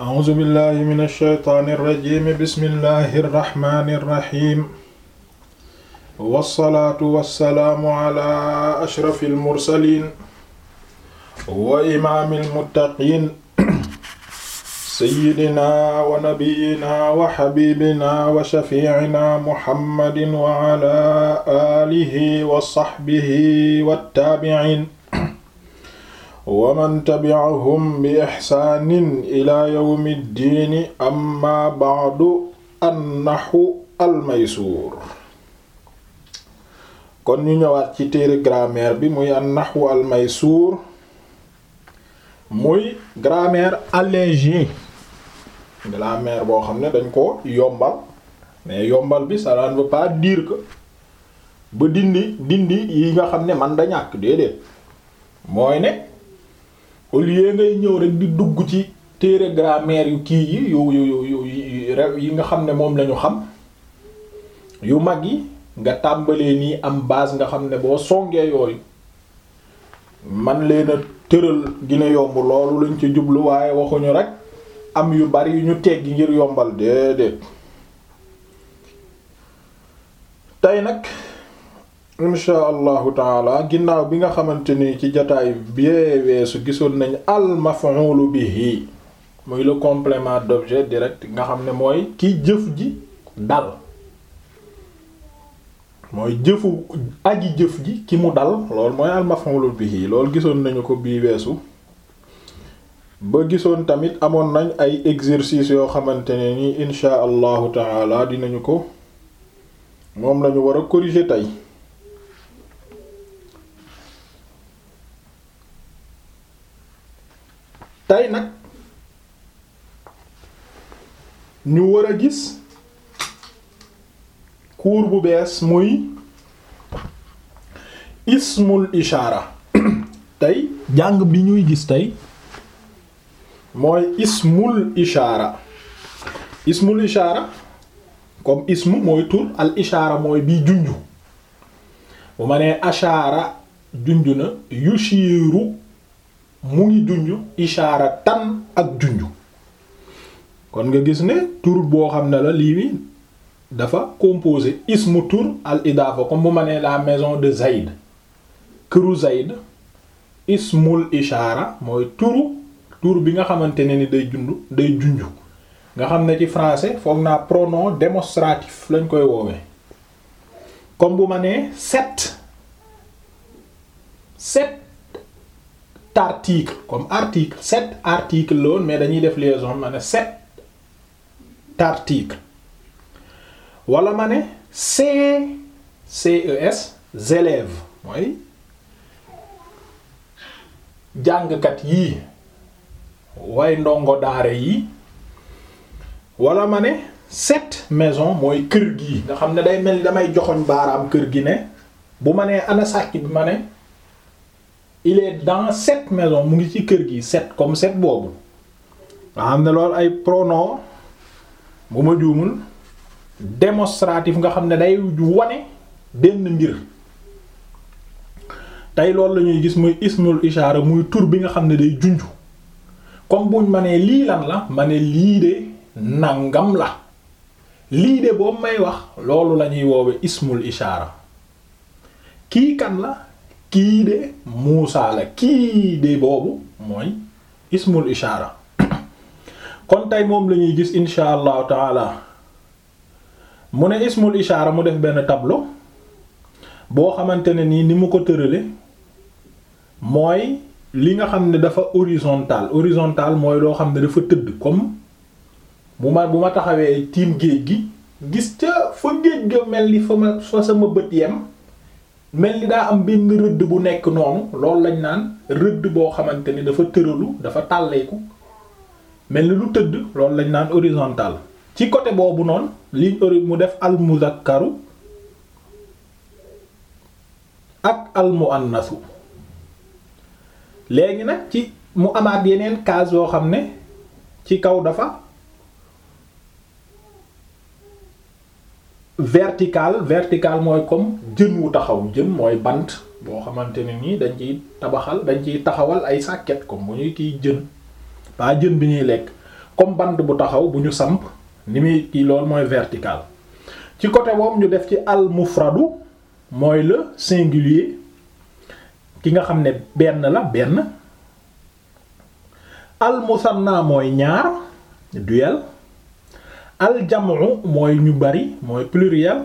a'uuzu billahi min alsheytaani irrajimi bismillahi irrahmani irrahim wassalaatu wassalaamu ala ashrafi almursalin wa imaami almuttaqiin sayyidina wa nabiyina wa xabibina wa shafiicina muhammadin wa ala aalihi wa saxbihi wa taabiciin wa man tabi'ahum bi ixsaanin ila yawmi ddiini amma ba'du annahu almaysuur kon ñu ñëwaat ci téere grammaire bi muy annahu almaysuur muy grammaire allégée grammaire boo xam ne dañ ko yombal mais yombal bi ça ne veut pas dire que ba dindi dindi yi nga xam ne man da ñàkk déedéet mooy ne au lieu ngay ñëw rek di dugg ci téere grammaire yu kii yi yu yu yu yi nga xam ne moom lañu xam yu mag yi nga tàmbalee nii am base nga xam ne boo songee yooyu man leen a tëral dina yomb loolu lañ ci jublu waaye waxuñu rek am yu bari yu ñu teggi ngir yombal déedéet tey nag insha allahu taala ginnaaw bi nga xamante ni ci jataay bee weesu gisoon nañ al maf'ul bihi muy le complément d'objet direct nga xam ne mooy kiy jëf ji dal mooy jëfu aji jëf ji ki mu dal lool mooy al maf'ul bihi loolu gisoon nañu ko bii weesu ba gisoon tamit amoon nañ ay exercice yoo xamante ne ni insha allahu taala dinañu ko moom lañu war a corriger tey tey nag ñu wara gis cours bu bees muy ismul ishaara tey jàng bi ñuy gis tey mooy ismul ishaara ismul ishaara comme ismu mooy tur al ishaara mooy bii junju bu ma nee ashaara junju na yushiru mu ngi junj ishaara tan ak junj kon nga gis ne tur boo xam ne la lii wi dafa composé ismu tur al idafa comme bu ma nee la maison de Zayd këru Zayd ismul ishaara mooy turu tur bi nga xamante ne ni day junj day junj nga xam ne ci français foog naa pronom démonstratif lañ koy woowe comme bu ma nee sept sept article comme article sept article la mais dañuy def liaison ma ne sept article wala ma ne c ces élèves mooy jàngkat yii way ndongo daare yi wala ma ne set maison mooy kër gi nga xam ne day mel ni damay joxoñ baaraam kër gi ne bu ma nee ana sàcc bi ma ne il est dans cette maison mu ngi ci kër gi set comme set boobu nga xam ne loolu ay pronom bu ma juumul démonstratif nga xam ne day wane benn mbir tey loolu lañuy gis muy ismul ishaara muy tur bi nga xam ne day junj comme buñ ma nee lii lan la ma ne lii de nangam la lii de boobu may wax loolu la ñuy woowe ismul ishaara kii kan la kii de Muusaa la kii de boobu mooy ismul ishaara kon tey moom la ñuy gis insha allahu taala mu ne ismul ishaara mu def benn tablo boo xamante ne nii ni mu ko tërale mooy li nga xam ne dafa horizontal horizontal mooy loo xam ne dafa tëdd comme bu ma bu ma taxawee tiim géej gi gis ca fa géej ga mel ni fa ma fa sama bët yem mel ni daa am benn rëdd bu nekk noonu loolu lañ naan rëdd boo xamante ni dafa tëralu dafa tàlleeku mel ni lu tëdd loolu lañ naan horizontal ci côté boobu noonu liñ ori mu def al muzakkaru ak al muannasu léegi nag ci mu amaat yeneen kaas yoo xam ne ci kaw dafa vertical vertical mooy comme jën wu taxaw jën mooy bant boo xamante ne nii dañ ciy tabaxal dañ ciy taxawal ay sàkket comme bu ñuy kiy jën pas jën bi ñuy lekk comme bant bu taxaw bu ñu samp ni muy kii lool mooy vertical ci côté moom ñu def ci al mufradu mooy la singulier ki nga xam ne benn la benn al musanna mooy ñaar duel al mooy ñu bari mooy pluriel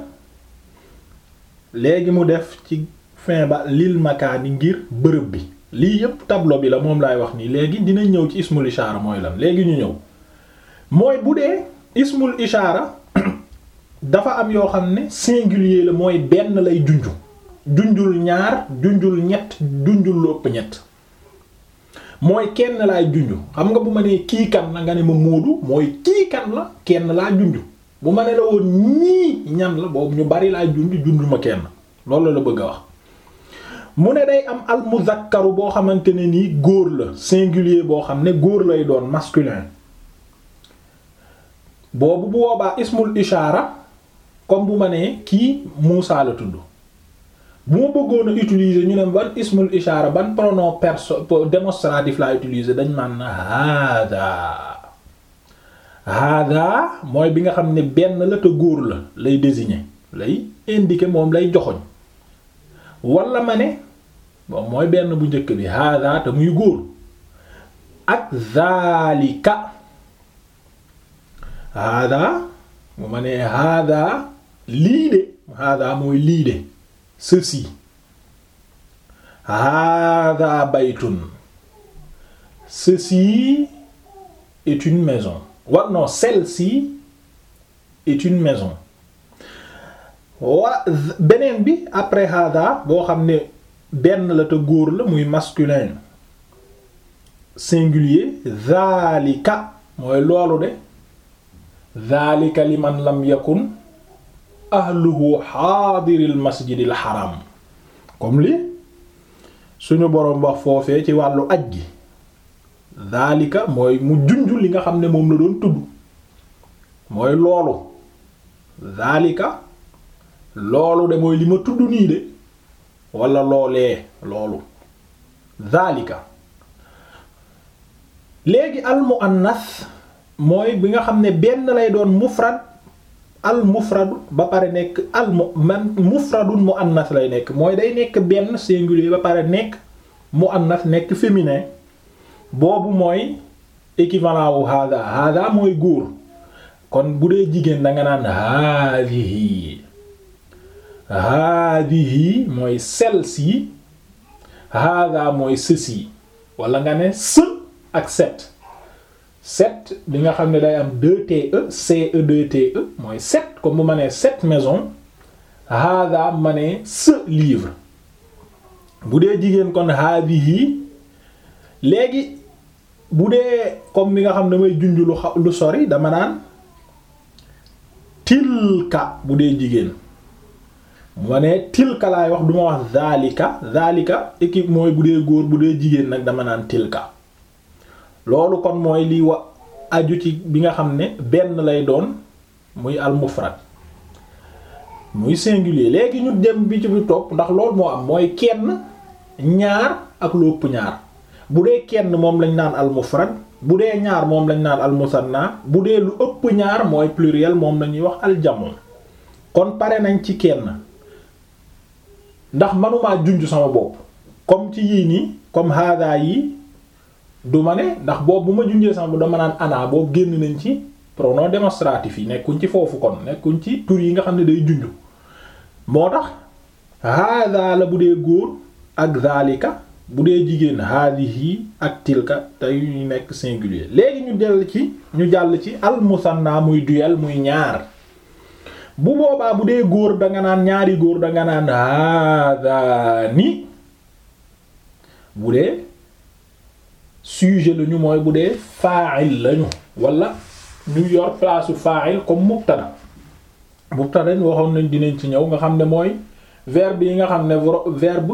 léegi mu def ci fin ba lil makaani ngir bërëb bi lii yépp tablo bi la moom laay wax nii léegi dina ñëw ci ismul ishaara mooy lan léegi ñu ñëw mooy bu dee ismul ishaara dafa am yoo xam ne singulier la mooy benn lay junju junjul ñaar junjul ñett junjul lu ñett mooy kenn laay junju xam nga bu ma nee kii kan la nga ne ma Moodu mooy kii kan la kenn laa junju bu ma ne la woon ñii ñan la boobu ñu bari laa junju junju ma kenn loolu la bëgg a wax mu ne day am al boo xamante ne nii góor la singulier boo xam ne góor lay doon masculin boobu bu boobaa ismul ishaara comme bu ma nee kii Muusaa la tudd bu ma bëggoon utiliser ñu ne ban ismul ishaara ban pronom perso démonstratif laa utiliser dañ naan hada hada mooy bi nga xam ne benn la te góor la lay désigner lay indiquer moom lay joxoñ walla ma ne bon mooy benn bu njëkk bi hada te muy góor ak zalika hada mu ma nee hada lii de hada mooy lii de ceci hada baytun ceci est une maison wa non celle-ci est une maison beneen bi après hada boo xam ne benn la te góor la muy masculin singulier zalika mooy loolu de zalika liman lam yakun ahluhu xaadiril masjidil xaram comme li suñu boroom wax foofee ci wàllu aj gi daalika mooy mu junj li nga xam ne moom la doon tudd mooy loolu daalika loolu de mooy li ma tudd nii de walla loolee loolu daalika léegi al muannas mooy bi nga xam ne benn lay doon mufrad al mufradu ba pare nekk al mu man mufradun mu annas lay nekk mooy day nekk benn singulier ba pare nekk mu annas nekk féminin boobu mooy équivalent wu hada mooy góor kon bu dee jigéen da nga naan hadihi hadihi mooy celle-ci mooy ceci wala nga ne ce ak cette sept bi nga xam ne day am deux TE CE deux TE mooy sept comme bu ma nee sept maisons hada ma ne ce livre bu dee jigéen kon hadihi léegi bu dee comme ni nga xam ne damay junj lu xa lu sori dama naan tilka bu dee jigéen bu ma nee tilka laay wax du ma wax zalika zalika équipe mooy bu dee góor bu dee jigéen nag dama naan tilka loolu kon mooy lii wa aju ci bi nga xam ne benn lay doon muy almufrad muy singulier léegi ñu dem bi ci bi topp ndax lool moo am mooy kenn ñaar ak lu ëpp ñaar bu dee kenn moom lañ naan almufrad bu dee ñaar moom lañ naan almusanna bu dee lu ëpp ñaar mooy pluriel moom lañuy wax aljamu kon pare nañ ci kenn ndax manumaa junj sama bopp comme ci yii nii comme hada yi du ma ne ndax boobu bu ma junjee sànq dama naan ana génn nañ ci pronom démonstratif yi nekkuñ ci foofu kon nekkuñ ci tur yi nga xam ne day junju moo tax hada bu dee góor ak zalika bu dee jigéen yi ak tilka te ñu nekk singulier léegi ñu dell ci ñu jàll ci al muy duel muy ñaar bu boobaa bu dee góor danga naan ñaari góor danga naan hada ni bu dee sujet la ñu mooy bu dee fa'il lañu wala ñu yor place fa'il comme mubtada mubtada waxoon nañ dinañ ci ñëw nga xam ne mooy verbe yi nga xam ne verbe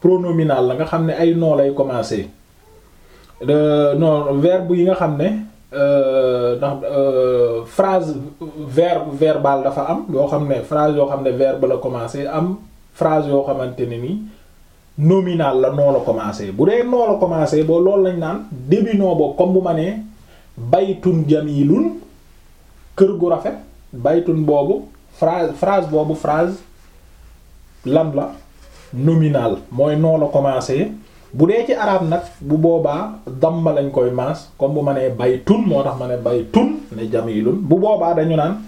pronominal la nga xam ne ay noo lay commencer non verbe yi nga xam ne euh, ndax euh, phrase verbe verbal dafa am yoo xam ne phrase yoo xam ne verbe la commencer am phrase yoo xamante ne nii nominal la noo la commencé bu dee noo la commencé boo loolu lañ naan début noo boobu comme bu ma nee baytun jamilun kër gu rafet baytun boobu phrase phrase boobu phrase lan la nominal mooy noo la commencé bu dee ci arab nag bu boobaa damma lañ koy maas comme bu ma nee baytun moo tax ma ne baytun ne jamilun bu boobaa dañu naan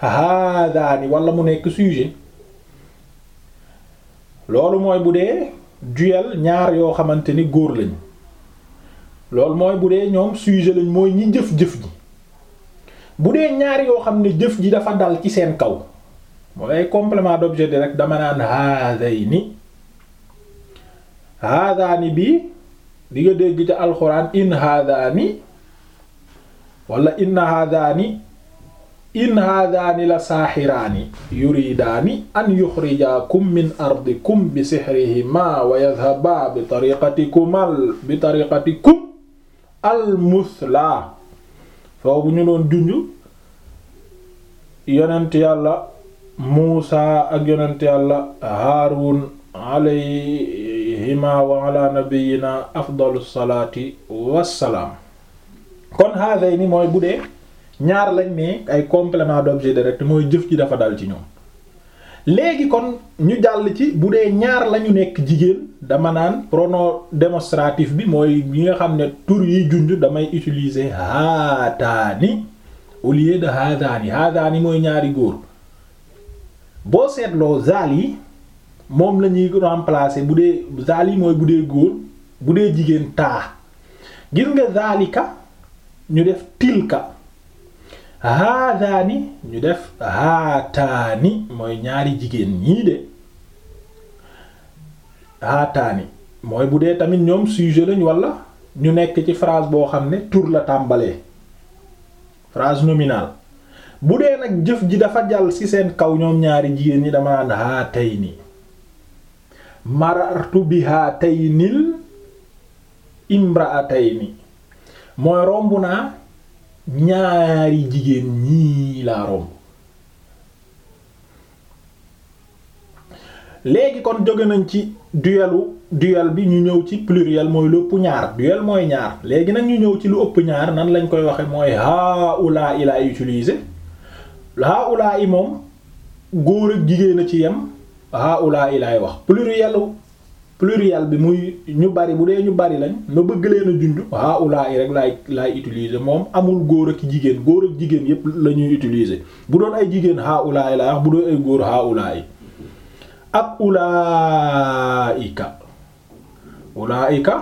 haadaani walla mu nekk sujet loolu mooy bu dee juyal ñaar yoo xamante ni góor lañ loolu mooy bu dee ñoom sujet lañ mooy ñi jëf-jëf ji bu dee ñaar yoo xam ne jëf ji dafa dal ci seen kaw mooy ay complément d'objet direct dama naan haadayni ni bii bi nga dégg ca alxuraan in haadaani wala inna haadaani in haadaani la saaxiraani yuridaani an yuxrijaakum min ardikum bi sixrihimaa wa yadhabaa bi tariqatikumal bi tariqatikum al muslaa foofu ñu doon junj yonent yàlla Muusaa ak yonent yàlla Haaruun alayhimaa wa alaa nabiyyinaa afdalu salaati wassalaam kon haaday ni mooy bu dee ñaar lañ mais ay complément d'objet direct mooy jëf ji dafa dal ci ñoom léegi kon ñu jàll ci bu dee ñaar lañu nekk jigéen dama naan pronom démonstratif bi mooy yi nga xam ne tur yi junj damay utiliser haataani au lieu de haadaani haadaani mooy ñaari góor boo seetloo zaal yi moom la ñuy remplacer bu dee zaal yi mooy bu dee góor bu dee jigéen taa gis nga zaalika ñu def tilka haadaani ñu def haataani mooy ñaari jigéen ñii de haataani mooy bu dee tamit ñoom sujet lañ wala ñu nekk ci phrase boo xam ne tur la tàmbalee phrase nominale bu dee nag jëf ji dafa jàll ci seen kaw ñoom ñaari jigéen ñi dama naan haatayni marartu bi haataynil imraatayni mooy romb naa ñaari jigéen ñii laa romb léegi kon jóge nañ ci duelu duel bi ñu ñëw ci pluriel mooy lu ëpp ñaar duel mooy ñaar léegi nag ñu ñëw ci lu ëpp ñaar nan lañ koy waxe mooy haula ila utilisé haula i moom góor ak jigéen a ci yem haula lay wax plurielu pluriel bi muy ñu bari mu dee ñu bari lañ ma bëgg leen a junj ah rek laay laay utiliser moom amul góor ak jigéen góor ak jigéen yépp la ñuy utiliser bu doon ay jigéen ah ulaa yi wax bu doon ay góor ah ulaa yi ak ulaa'ika ulaa'ika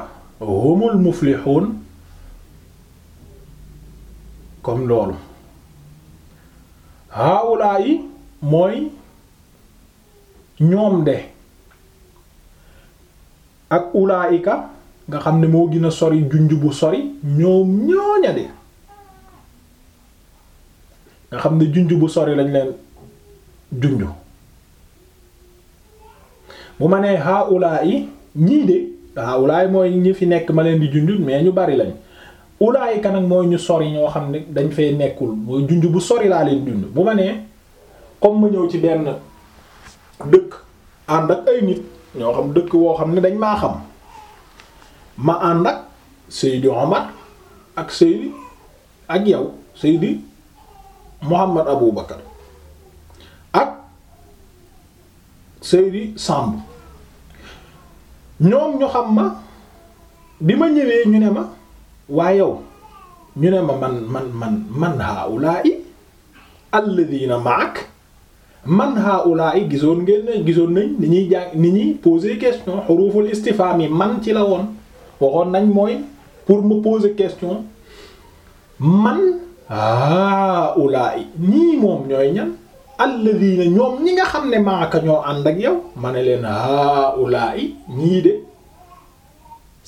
humul muflihun comme loolu ah ulaa mooy ñoom de. ak ulaayika nga xam ne moo gën a sori junj bu sori ñoom ñooña de nga xam ne junj bu sori lañ leen junj bu ma nee haulaay ñii de haulaay mooy ñi fi nekk ma leen di junj mais ñu bari lañ ulaayika nag mooy ñu sori ñoo xam ne dañ fay nekkul mooy junj bu sori laa leen junj bu ma nee comme ma ñëw ci benn dëkk ànd ak ay nit. ñoo xam dëkk woo xam ne dañ maa xam ma ànd ak Seydi Omar ak Seydi ak yow Seydi Mouhamad Abou Bakar ak Seydi Samb ñoom ñu xam ma bi ma ñëwee ñu ne ma waa yow ñu ne ma man man man man haulaa'i alladhina ma'ak man haula yi gisoon ngeen ne gisoon nañ ni ñuy jàng ni ñuy poser question xuruful istifham yi man ci la woon waxoon nañ mooy pour mu poser question man haula yi ñii moom ñooy ñan alladhina ñoom ñi nga xam ne maaka ñoo ànd ak yow ma ne leen haula yi ñii de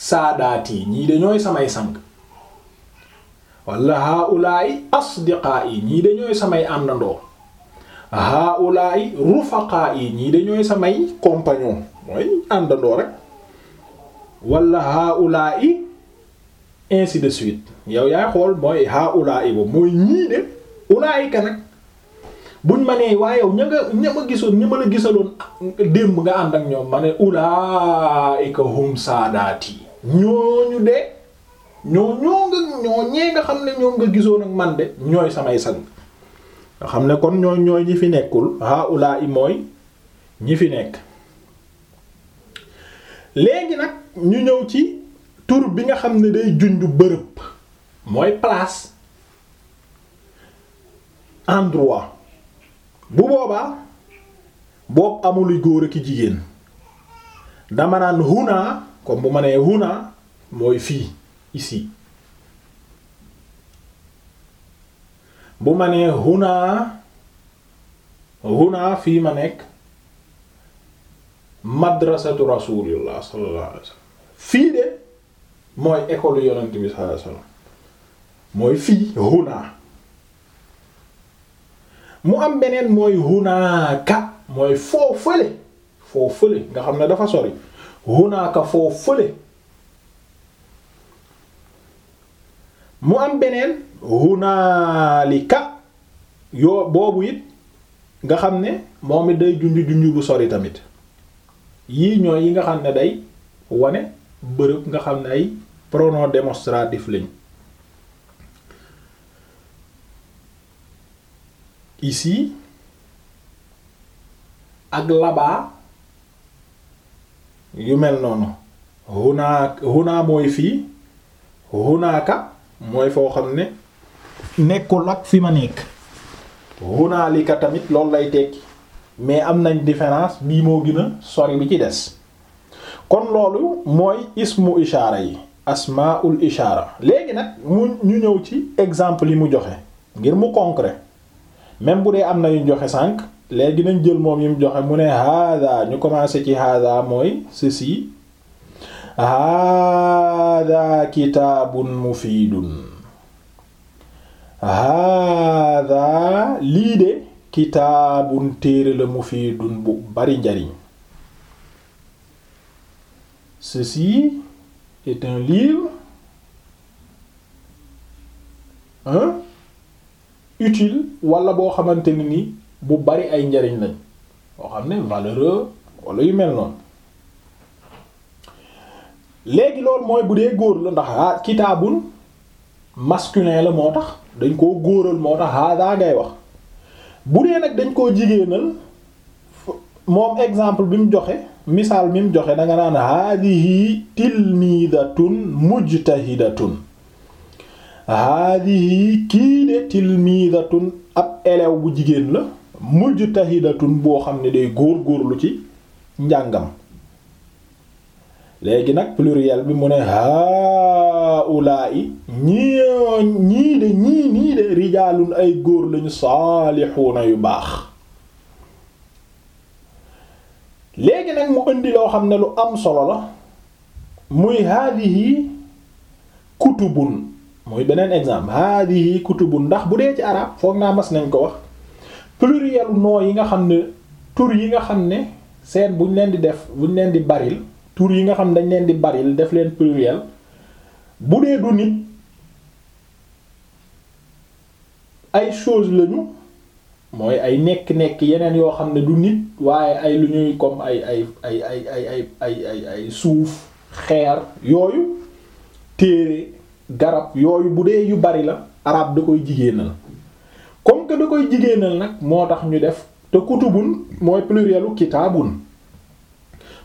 saadaat yi ñii de ñooy samay sang wala haula yi asdiqa yi ñii de ñooy samay àndandoo haula'i rufaqa'i ñii dañooy samay compagnon mooy àndandoo rek wala haula'i ainsi de suite yow yaay xool mooy haula'i ba mooy ñii de ulaa'ika nag buñ ma nee waaye yow ña nga gisoon ña ma la gisaloon démb nga ànd ak ñoom ma ne ulaa'ika hum saadaati ñooñu de ñoo ñoo nga ñoo ñee nga xam ne ñoom nga gisoon ak man de ñooy samay sang nga xam ne kon ñooy ñooy ñi fi nekkul haula i mooy ñi fi nekk léegi nag ñu ñëw ci tur bi nga xam ne day junj bërëb mooy place endroit bu boobaa boob amul góor ak jigéen dama naan huna comme bu ma nee huna mooy fii ici bu ma nee huna huna fii ma nekk madrasatu rasulillah sallallahu fii de mooy école yonent bi sallallahu alayhi wasallam mooy fii huna mu am beneen mooy hunaaka mooy foo fële nga xam ne dafa sori hunaaka foo mu am beneen hunaalika yoo boobu it nga xam ne moom it day junj junj bu sori tamit yii ñooy yi nga xam ne day wane bërëb nga xam ne ay pronom démonstratif lañ ici ak là-bas yu mel noonu huna huna mooy fii hunaka mooy foo xam ne nekkul ak fi ma nekk hunaalika tamit loolu lay tekki mais am nañ différence bii moo gina a sori bi ci des kon loolu mooy ismu ishaara yi asmaul ishaara léegi nag mu ñu ñëw ci exemple yi mu joxe ngir mu concret même bu dee am na yu joxe sànq léegi nañ jël moom yi mu joxe mu ne hada ñu commencé ci hada mooy ceci haadaa kitaabun mufiidun haadaa lii de kitaabun téere la mufiidun bu bari njariñ ceci est un livre hein utile wala boo xamante ni bu bari ay njariñ lañ boo xam ne valeureux wala yu mel noonu léegi loolu mooy bu dee góor la ndax ah kitaabun masculin la moo tax dañ koo góoral moo tax hada ngay wax bu dee nag dañ koo jigéenal moom exemple bi mu joxe misaal bi mu joxe danga naan hadihi tilmidatun mujtahidatun hadihi kii de tilmidatun ab élève bu jigéen la mujj mujtahidatun boo xam ne day góor góorlu ci njàngam léegi nag pluriel bi mu ne haula'i ñii ñii de ñii nii de rijaalun ay góor lañu saalixuuna yu baax léegi nag mu indi loo xam ne lu am solo la muy haadihi kutubun muy beneen exemple haadihi kutubun ndax bu dee ci arab foog naa mas nañ ko wax plurielu noo yi nga xam ne tur yi nga xam ne seen buñ leen di def buñ leen di baril tur yi nga xam ne dañ leen di bari def leen pluriel bu dee du nit ay chose lañu mooy ay nekk-nekk yeneen yoo xam ne du nit waaye ay lu ñuy comme ay ay ay ay ay ay ay ay suuf xeer yooyu téere garab yooyu bu dee yu bari la arab da koy jigéenal comme que da koy jigéenal nag moo tax ñu def te kutubun mooy plurielu kitaabun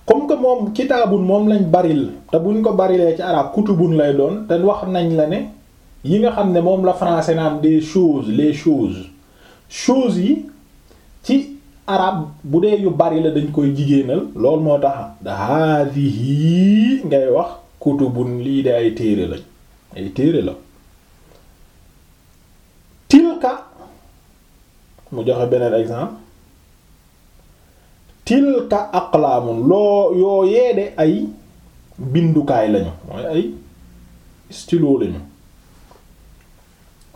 comme que moom kitaabun moom lañ baril te buñ ko barilee ci arab kutubun lay doon te wax nañ la ne yi nga xam ne moom la français naan des choses les choses choses yi ci arab bu dee yu bari la dañ koy jigéenal loolu moo tax haadihi ngay wax kutubun lii de ay téere lañ ay téere la tilka mu joxe beneen exemple tilka aqlaamun loo yoo yeede ay bindukaay lañu mooy ay stylo lañu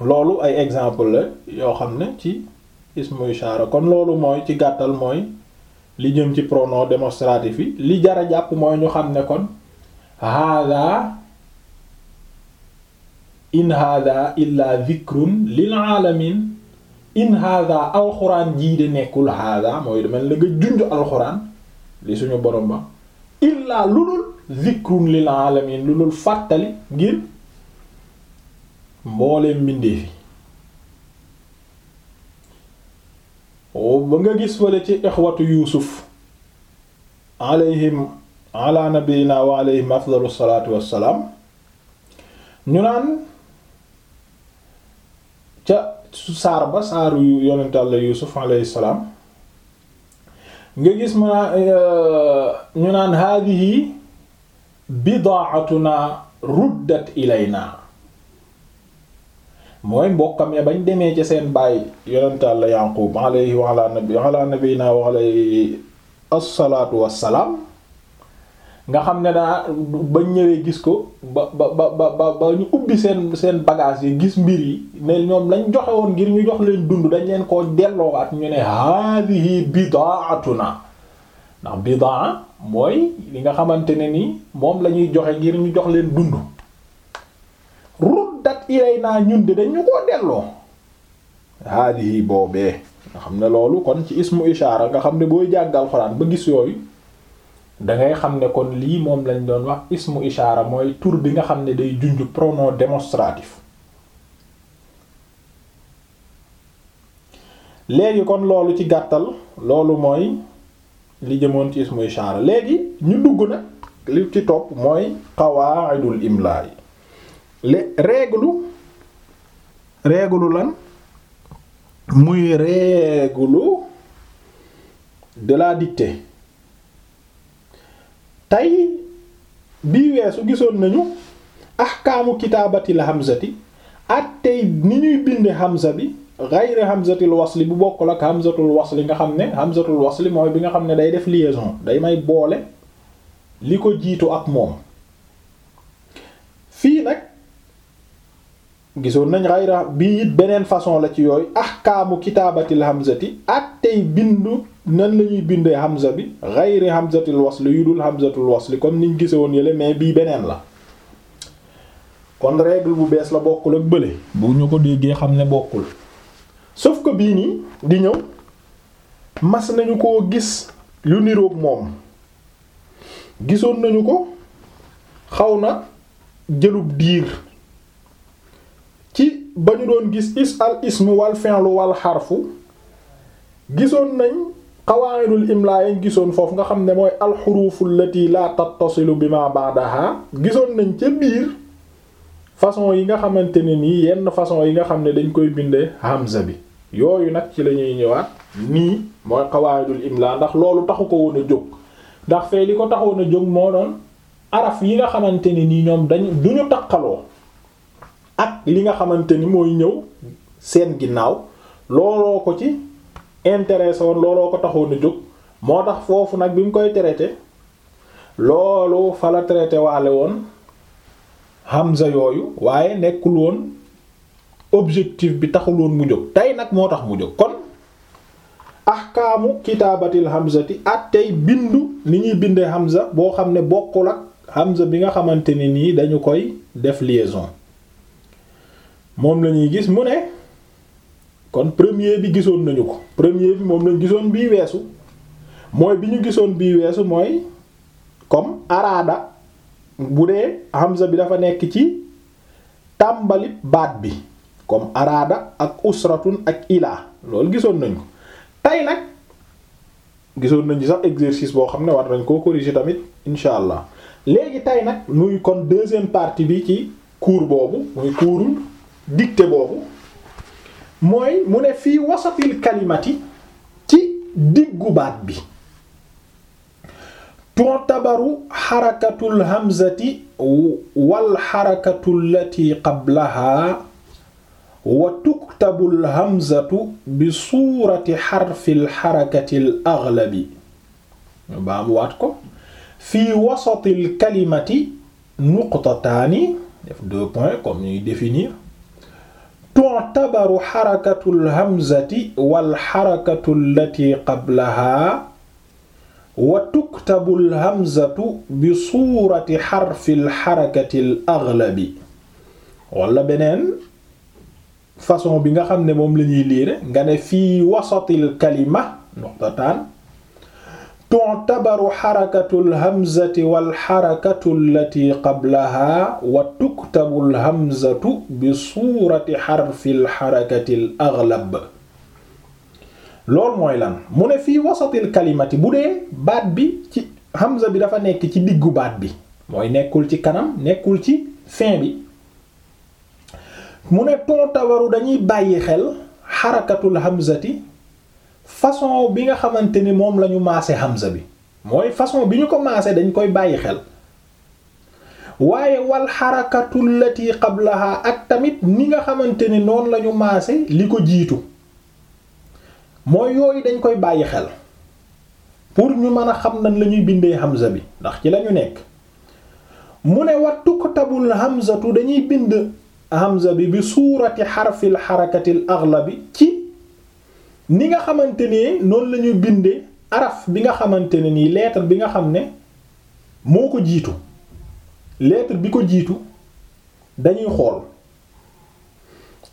loolu ay exemple la yoo xam ne ci ismu ishara kon loolu mooy ci gàttal mooy li jëm ci prono démonstratif yi li jara jàpp mooy ñu xam ne kon hada in hada illa dhikrun lil alamin in hada alxuraan jii de nekkul hada mooy demel na nga junj alxuraan li suñu borom ba illaa lu dul zikrun lil alamin lu dul fàttali ngir mbooleem mbindee fi ba nga gis wala ci ixwatu yuusuf alayhim ala nabiyina wa alayhim afdalu salaatu wassalaam ñu naan ca saar ba saaru yonent Yàlla Yuusuf alayhi salaam nga gis ma euh, ñu naan haadihi bidaa'atuna ruddat ilaynaa mooy mbokkam ya bañ demee ci seen baay yonent Yàlla Yaaqub alayhi wa ala nabi ala nabiyina wa alayhi assalaatu wassalaam nga xam ne daa bañ ñëwee gis ko ba ba ba ba ba ñu ubbi seen seen bagage yi gis mbir yi ne ñoom lañ joxewoon ngir ñu jox leen dund dañ leen koo delloowaat ñu ne hadihi na ndax bidaa mooy li nga xamante ne nii moom la ñuy joxe ngir ñu jox leen dund ruddat naa ñun de dañ ñu koo delloo hadihi boobee nga xam ne loolu kon ci ismu ishaara nga xam ne booy jàggal xoraan ba gis yooyu dangay xam ne kon lii moom lañ doon wax ismu ishaara mooy tur bi nga xam ne day junj pronom démonstratif léegi kon loolu ci gàttal loolu mooy li jëmoon ci ismu ishaara léegi ñu dugg nag li ci topp mooy qawaidul imla yi le règle règle lan muy règle de la dictée tey bii weesu gisoon nañu ahkaamu kitaabatil hamzati ak tey ni ñuy binde hamza bi ghayr hamzatil wasli bu bokkul ak hamzatul wasli nga xam ne hamzatul wasli mooy bi nga xam ne day def liaison day may boole li ko jiitu ak moom fii nag gisoon nañ ghayr bii it beneen façon la ci yooyu ahkaamu kitaabatil la ak tey bindu nan la ñuy bindee hamza bi xayri hamzatul wasli yu dul hamzatul wasli comme niñ gise woon yële mais bii beneen la kon règle bu bees la bokkul ak bële bu ñu ko déggee xam ne bokkul sauf que bii nii di ñëw mas nañu ko gis lu niroog moom gisoon nañu ko xaw na jëlub diir ci ba ñu doon gis is al ismu wal fi'lu wal xarfu gisoon nañ qawaa'idul imlaa yañ gisoon foofu nga xam ne mooy alxurufu lati la tattasilu bi ma ba'daha gisoon nañ ca biir façon yi nga xamante ne nii yenn façon yi nga xam ne dañ koy binde hamza bi yooyu nag ci lañuy ñëwaat nii mooy qawaa'idul imlaa ndax loolu taxu ko woon a jóg ndax fee li ko taxoon a jóg moo doon araf yi nga xamante ni nii ñoom dañu du ñu taqaloo ak li nga xamante ni mooy ñëw seen ginnaaw looloo ko ci intéressé looloo ko taxoon na jóg moo tax foofu nag bi mu koy traité loolu fa la traité waale woon Hamza yooyu waaye nekkul woon objectif bi taxuloon mu jóg tey nag moo tax mu jóg kon ahkaamu kitaabatil hamzati at tey bindu ni ñuy bindee Hamza boo xam ne bokkul ak Hamza bi nga xamante ni nii dañu koy def liaison moom lañuy gis mu ne. kon premier bi gisoon nañu ko premier bi moom lañ gisoon bii weesu mooy bi ñu gisoon bii weesu mooy comme araada bu dee hamza bi dafa nekk ci tàmbali baat bi comme araada ak usratun ak ilaa loolu gisoon nañ ko tey nag gisoon nañ ci sax exercice boo xam ne war nañ koo corriger tamit incha allah léegi tey nag nuy kon deuxième partie bi ci cour boobu muy cours dictée boobu mooy mu ne fii wasatil kalimati ci diggu baat bi tu'tabaru xarakatul hamzati wal xarakatul lati qablaha wa tuktabul hamzatu bi suurati xarfil xarakatil aglabi ba am waat ko fii wasatil kalimati nuqtataani def deux points comme ñuy définir tu'tabaru xarakatul hamzati wal xarakatul lati qablahaa wa tuktabul hamzatu bi suurati xarfil xarakatil aglabi wala beneen façon bi nga xam ne moom la ñuy liire nga ne fii wasatil kalima noxtataan tu'tabaru xarakatul hamzati wal xarakatu allati qablaha wa tuktabu alhamzatu bi suurati xarfil xarakatil aghlab loolu mooy lan mu ne fii wasatil kalimati bu dee baat bi ci hamza bi dafa nekk ci diggu baat bi mooy nekkul ci kanam nekkul ci fin bi mu ne tu'tabaru dañuy bàyyi xel xarakatul hamzati façon bi nga xamante ni moom lañu ñu maase Hamza bi mooy façon bi ñu ko maase dañ koy bàyyi xel waaye wal xarakatu lati qablaha ak tamit ni nga xamante ni noonu lañu ñu maase li ko jiitu mooy yooyu dañ koy bàyyi xel pour ñu mën a xam nan lañuy bindee Hamza bi ndax ci lañu nekk mu ne wa tuktabul Hamzatu dañuy bind Hamza bi bi suurati xarfil xarakatil bi ci. ni nga xamante ne noonu lañu bindee araf bi nga xamante ne nii lettre bi nga xam ne moo ko jiitu lettre bi ko jiitu dañuy xool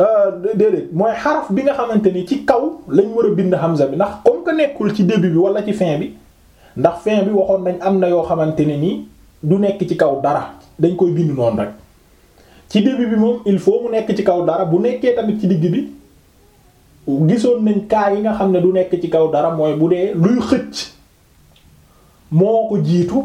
euh, déedéet mooy xaraf bi nga xamante ni ci kaw lañ war a bind hamza bi ndax comme que nekkul ci début bi wala ci fin bi ndax fin bi waxoon nañ am na yoo xamante ne nii du nekk ci kaw dara dañ koy bind noonu rek ci début bi moom il faut mu nekk ci kaw dara bu nekkee tamit ci digg bi. gisoon nañ cas yi nga xam ne du nekk ci kaw dara mooy bu dee luy xëcc moo ko jiitu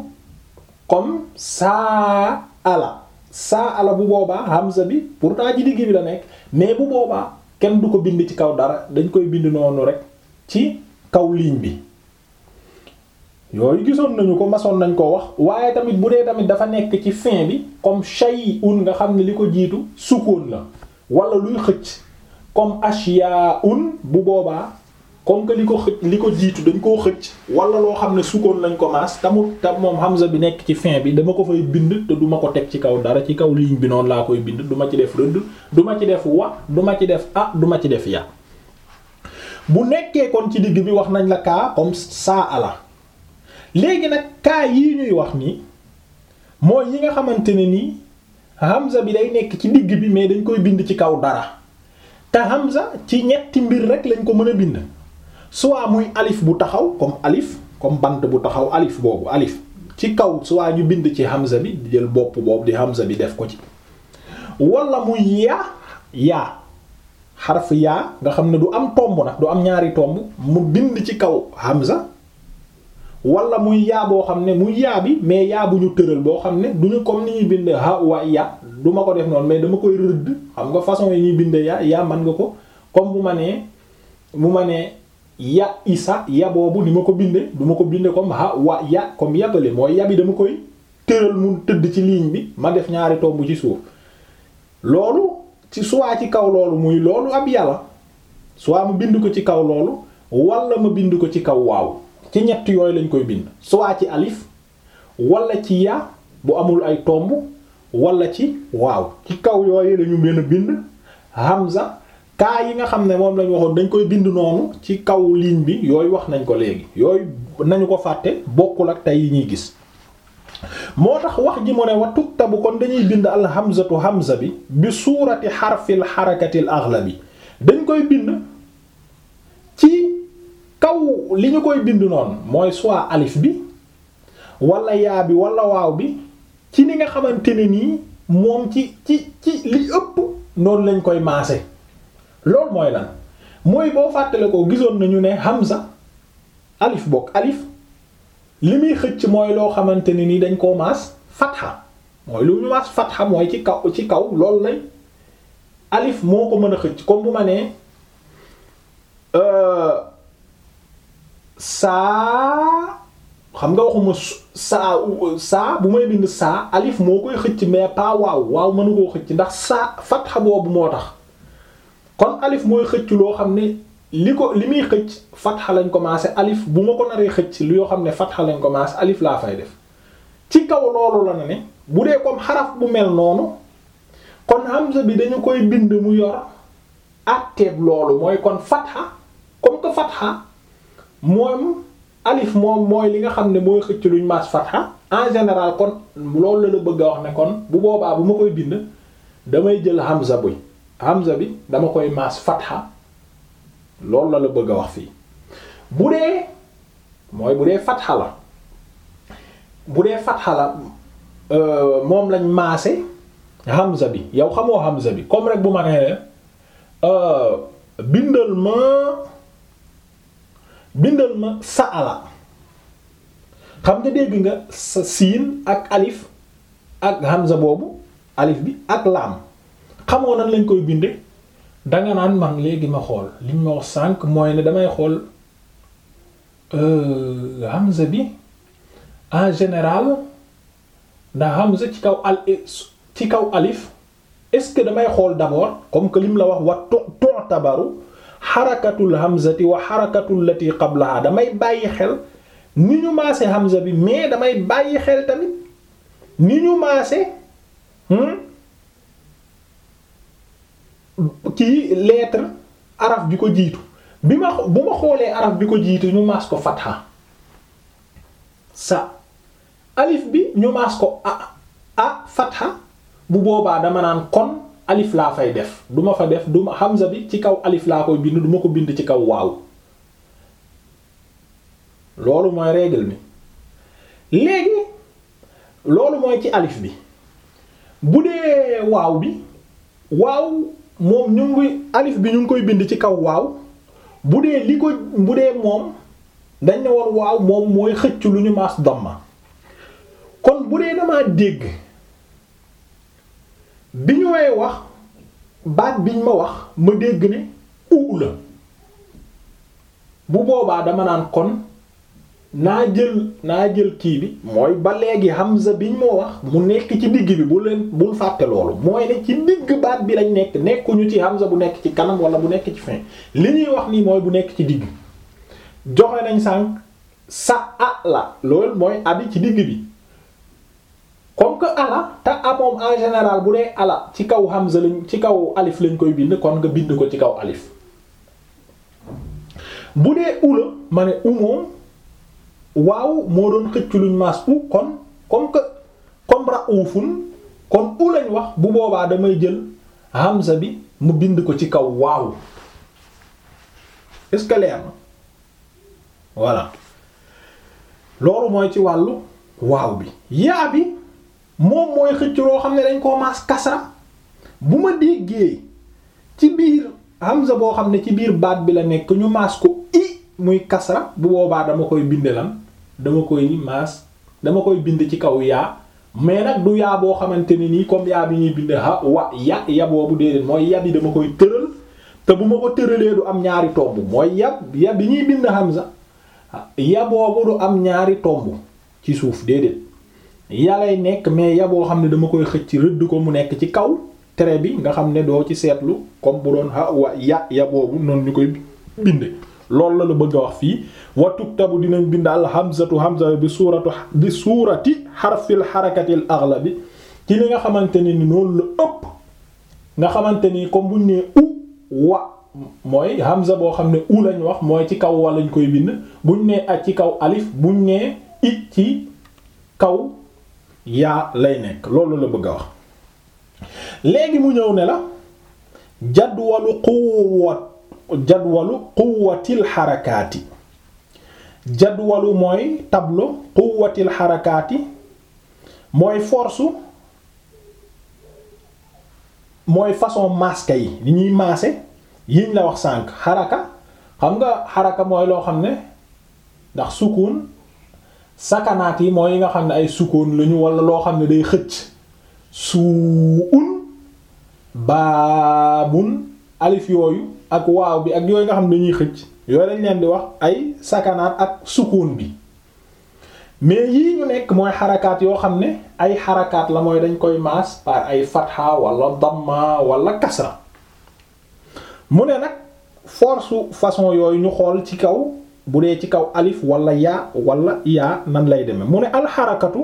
comme saa ala saa ala bu boobaa hamza bi pourtant ci digg bi la nekk mais bu boobaa kenn du ko bind ci kaw dara dañ koy bind noonu rek ci kaw ligne bi yooyu gisoon nañu ko masoon nañ ko wax waaye tamit bu dee tamit dafa nekk ci fin bi comme shay'un nga xam ne li ko jiitu sukkoon la wala luy xëcc comme ashyaa un bu boobaa comme que li ko xëcc li ko jiitu dañ koo xëcc wala loo xam ne suukoon lañ ko maas tamut tam moom Hamza bi nekk ci fin bi dama ko fay bind te du ko teg ci kaw dara ci kaw ligne bi noonu laa koy bind du ma ci def rëdd du ma ci def wa du ma ci def a duma ci def ya bu nekkee kon ci digg bi wax nañ la kaa comme saa ala léegi nag kaa yii ñuy wax ni mooy yi nga xamante ne nii Hamza bi day nekk ci digg bi mais dañ koy bind ci kaw dara te hamza ci ñetti mbir rek lañ ko mën a bind soit muy alif bu taxaw comme alif comme bant bu taxaw alif boobu alif ci kaw soit ñu bind ci hamza bi di jël bopp boobu di hamza bi def ko ci wala muy yaa yaa xarf yaa nga xam ne du am tomb nag du am ñaari tomb mu bind ci kaw hamza wala muy yaa boo xam ne muy yaa bi mais yaa bu ñu tëral boo xam ne du ñu comme ni ñuy bind ha ya duma ko def noonu mais dama koy rëdd xam nga façon yi ñuy bindee ya ya man nga ko comme bu ma nee bu ma nee ya isa ya boobu ni ma ko binde duma ko binde comme ha wa ya comme yabale mooy yabi dama koy tëral mu tëdd ci ligne bi ma def ñaari tomb ci suuf loolu ci soit ci kaw loolu muy loolu ab yàlla soit mu bind ko ci kaw loolu wala ma bind ko ci kaw waaw ci ñett yooyu lañ koy bind soit ci alif wala ci ya bu amul ay tomb wala ci waaw ci kaw yooyu lañu ñu a bind hamza kaa yi nga xam ne moom lañu waxoon dañ koy bind noonu ci kaw ligne bi yooyu wax nañ ko léegi yooyu nañu ko fàtte bokkul ak tey yi ñuy gis moo tax wax ji mu ne wa tuktabu kon dañuy bind alhamzatu hamza bi bi suurati xarfil xarakatil bi dañ koy bind ci kaw li ñu koy bind noonu mooy soit alif bi wala yaa bi waaw bi ci ni nga xamante ne nii moom ci ci ci li ëpp noonu lañ koy maase loolu mooy lan mooy boo fàttale ko gisoon nañu ne Hamza alif bokk alif li muy xëcc mooy loo xamante ne nii dañ koo maas fatha mooy lu ñu maas fatha mooy ci kaw ci kaw loolu lay alif moo ko mën a xëcc comme bu ma nee euh, saa xam nga waxuma saa saa bu may bind saa alif moo koy xëcc mais pas waaw waaw mënu koo xëcc ndax saa fatxa boobu moo tax kon alif mooy xëcc loo xam ne li ko li muy xëcc fatxa lañ commencé alif bu ma ko naree xëcc lu yoo xam ne fatxa lañ commencé alif laa fay def ci kaw loolu la ne bu dee comme xaraf bu mel noonu kon hamza bi dañu koy bind mu yor àtteeb loolu mooy kon fatxa comme que fatxa moom alif moom mooy li nga xam ne mooy xëcc luñ mas fatha en général kon loolu la la bëgg a wax ne kon bu boobaa bu ma koy bind damay jël hamza buy hamza bi dama koy mas fatha loolu la la bëgg a wax fii bu dee mooy bu dee fatha la bu dee fatha la euh, moom lañ maase hamza bi yow xamoo hamza bi comme rek bu ma nee euh, bindal ma bindal ma saala xam nga dégg nga sa siin ak alif ak hamza boobu alif bi ak laam xamoo nan lañ koy binde danga naan man léegi ma xool li ma wax sànq mooy ne damay xool euh, hamza bi en général ndax hamza ci kaw al ci kaw alif est-ce que damay xool d'abord comme que mu la wax wa to tabaru xarakatul hamzati wa xarakatul lati qablaha damay bàyyi xel ni ñu maase hamza bi mais damay bàyyi xel tamit ni ñu maase hmm, kii lettre araf bi ko jiitu bi ma bu ma xoolee araf bi ko jiitu ñu maas ko fatha sa alif bi ñu maas ko a a fatha bu boobaa dama naan kon alif laa fay def du ma fa def duma hamza bi ci kaw alif laa koy bind du ko bind ci kaw waaw loolu mooy règle mi léegi loolu mooy ci alif bi bu dee waaw bi waaw moom ñu ngi alif bi ñu ngi koy bind ci kaw waaw bu dee li ko bu dee moom dañ ne war waaw moom mooy xëcc lu ñu maas domma kon bu dee damaa dégg bi ñu may wax baat biñ ma wax ma dégg ne uu la bu boobaa dama naan kon naa jël naa jël kii bi mooy ba léegi Hamza biñ ma wax mu nekk ci digg bi bu leen bul fàtte loolu mooy ne ci digg baat bi lañ nekk nekkuñu ci Hamza bu nekk ci kanam wala bu nekk ci fin li ñuy wax nii mooy bu nekk ci digg joxe nañ sànq sa a la lool mooy abi ci digg bi comme que ala te a ah moom général bu dee ala ci kaw hamza lañ ci kaw alif lañ koy bind kon nga bind ko ci kaw alif bu dee ula ma ne u waaw moo doon xëcc luñ maas u kon comme que comme raufun kon u wax bu boobaa damay jël hamza bi mu bind ko ci kaw waaw est na voilà loolu mooy ci wàllu waaw bi yaa moom mooy xëcc roo xam ne dañ koo maas kasra bu ma déggee ci biir hamza boo xam ne ci biir baat bi la nekk ñu maas ko i muy kasra bu boobaa dama koy bind lan dama koy maas dama koy bind ci kaw yaa mais nag du yaa boo xamante ni nii comme yaa bi ñuy bind ha wa ya ya boobu mooy ya bi dama koy tëral te bu ma ko tëralee du am ñaari tomb mooy ya ya bind hamza ya boobu du am ñaari tomb ci suuf déedéet yalay nekk mais ya boo xam ne dama koy xëcc rëdd ko mu nekk ci kaw trait bi nga xam ne doo ci seetlu comme bu doon a ya ya boobu noonu ñu koy binde loolu la la bëgg a wax fii wa tuktabu dinañ bind al hamzatu hamza bi suuratu bi suurati xarfil xarakatil bi ci li nga xamante ne ni noonu la ëpp nga xamante ni comme buñ nee u wa mooy hamza boo xam ne u lañ wax mooy ci kaw wa lañ koy bind buñ nee ak ci kaw alif buñ nee it ci kaw yaa lay nekk loolu la bëgg wax léegi mu ñëw ne la jadwalu quwwat jadwalu quwwatil xarakaati jadwalu mooy tableau quwwatil xarakaati mooy force mooy façon masque yi li ñuy maase yiñ la wax sànq xaraka xam nga xaraka mooy loo xam ne ndax sukun sakanaat yi mooy yi nga xam ne ay sukkoon lañu wala loo xam ne day xëcc suun baabun alif yooyu ak waaw bi ak yooyu nga xam ne ñuy xëcc yooyu dañ leen di wax ay sakanaat ak sukkoon bi mais yii ñu nekk mooy xarakaat yoo xam ne ay xarakaat la mooy dañ koy maas par ay fatha wala damma wala kasra mu ne nag force façon yooyu ñu xool ci kaw bu dee ci kaw alif walla yaa walla yaa nan lay demee mu ne alxarakatu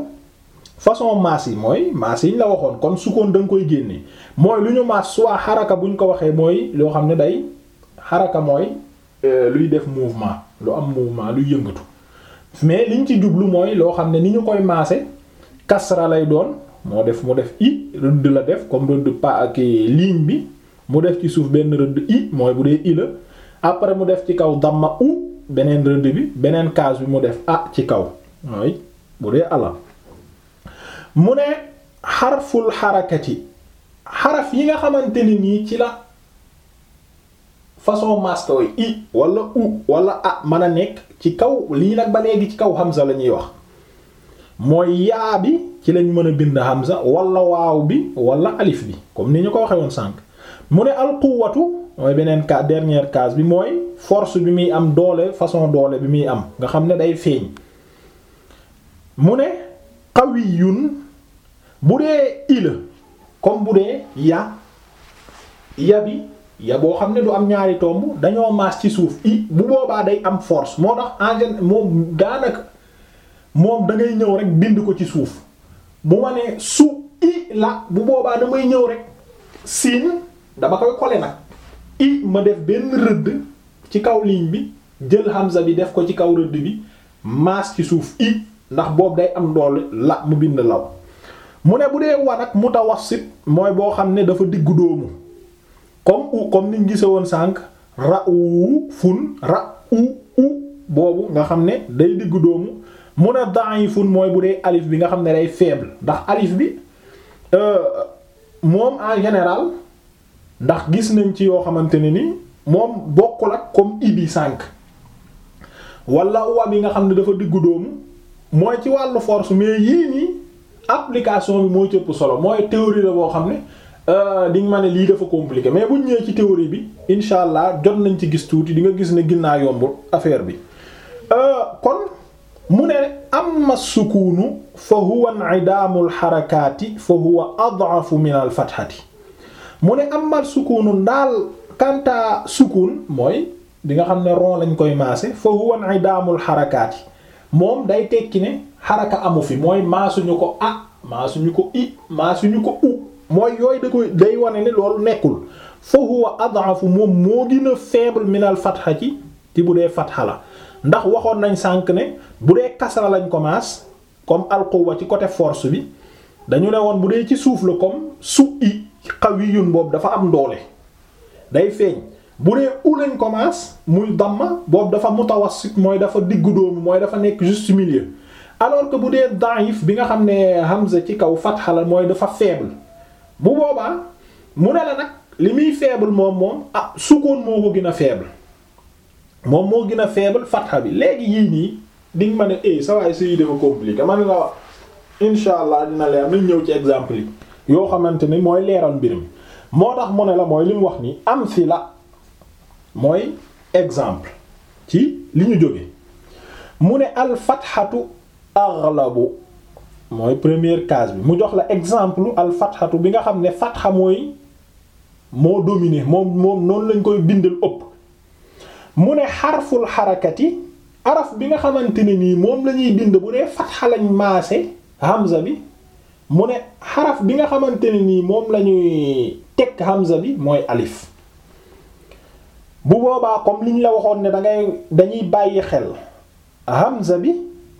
façon maas yi mooy maas yi ñu la waxoon kon sukkoon da nga koy génne mooy lu ñu maas soit xaraka bu ñu ko waxee mooy loo xam ne day xaraka mooy euh, luy def mouvement lu am mouvement lu yëngatu mais liñ ci jublu mooy loo xam ne ni ñu koy maase kasra lay doon moo def mu def i rëdd la def comme rëdd pa ak ligne bi mu def ci suuf benn rëdd i mooy bu dee ila la après mu def ci kaw damma beneen rëdd bi beneen kaas bi mu def a ah, ci kaw mooy bu dee alal mu ne xarful xarakati xaraf yi nga xamante ni nii ci la façon maska way i wala u wala a mën a nekk ci kaw lii nag ba léegi ci kaw hamza la ñuy wax mooy yaa bi ci lañ mën a bind hamza walla waaw bi wala alif bi comme ni ñu ko waxee sànk mu ne alquwatu mooy beneen cas dernière case bi mooy force bi muy am doole façon doole bi muy am nga xam ne day feeñ mu ne qawiyun bu dee ila comme bu dee ya ya bi ya boo xam ne du am ñaari tomb dañoo maas ci suuf i bu boobaa day am force moo tax en général moom daanaka moom da ñëw rek bind ko ci suuf bu ma nee su i la bu boobaa damay ñëw rek siin dama koy kole nag i ma def benn rëdd ci kaw ligne bi jël hamza bi def ko ci kaw rëdd bi maas ci suuf i ndax boobu day am doole la mu bind law mu ne bu dee wanag war ak sit mooy boo xam ne dafa diggu doomu comme u comme niñ gise woon sànq fun boobu nga xam ne day diggu doomu mu ne da'ifun mooy bu dee alif bi nga xam ne day faible ndax alif bi euh, moom en général ndax gis nañ ci yoo xamante ne ni moom bokkul ak comme ibi sànq wala uwab yi nga xam ne dafa diggu doomu mooy ci wàllu force mais yii nii application bi moo ci solo mooy théorie la boo xam ne euh, di nga ma ne lii dafa compliqué mais bu ñëwee ci théorie bi incha allah jot nañ ci gis tuuti di nga gis ne ginnaa yombul affaire bi euh, kon mu ne amma sukuunu fa huwa in'idaamul xarakaati fa huwa ad'afu min al fathati mu ne amal sukuunu ndaal kanta sukuun mooy di nga xam ne ron lañ koy maase fa huwa idaamul xarakaat yi moom day tekki ne xaraka amu fi mooy maasuñu ko a maasuñu ko i maasuñu ko u mooy yooyu da koy day wane ne loolu nekkul fa huwa adhafu moom moo gën a faible minal fatxa ci ci bu dee fatxa la ndax waxoon nañ sànq ne bu dee kasra lañ ko maas comme alquwa ci côté force bi dañu ne woon bu dee ci suuf la comme su i yi qawiyun boobu dafa am doole day feeñ bu dee u commence muy damma boobu dafa mutawassit mooy dafa diggu doomu mooy dafa nekk juste milieu alors que bu dee daif bi nga xam ne hamza ci kaw fatha mooy dafa faible bu boobaa mu ne la nag li muy faible moom moom ah sukkoon moo ko gën a faible moom moo gën a faible fatha bi léegi yii nii diñ ma ne eh sa waay sa yi dafa compliqué man la insha allah dina leer nañ ñëw ci exemple yi yoo xamante ni mooy leeral mbir moo tax mu ne la mooy li wax nii am si la mooy exemple ci li ñu jóge mu ne alfatxatu fatxatu mooy première case bi mu jox la exemple al bi nga xam ne fatxa mooy moo dominé moom moom noonu lañ koy bindal ëpp mu ne xarful xarakati araf bi nga xamante ne nii moom lañuy bind bu ne fatxa lañ maase hamza bi mu ne xaraf bi nga xamante ne nii moom la ñuy teg hamza bi mooy alif bu boobaa comme liñ la waxoon ne da dañuy bàyyi xel hamza bi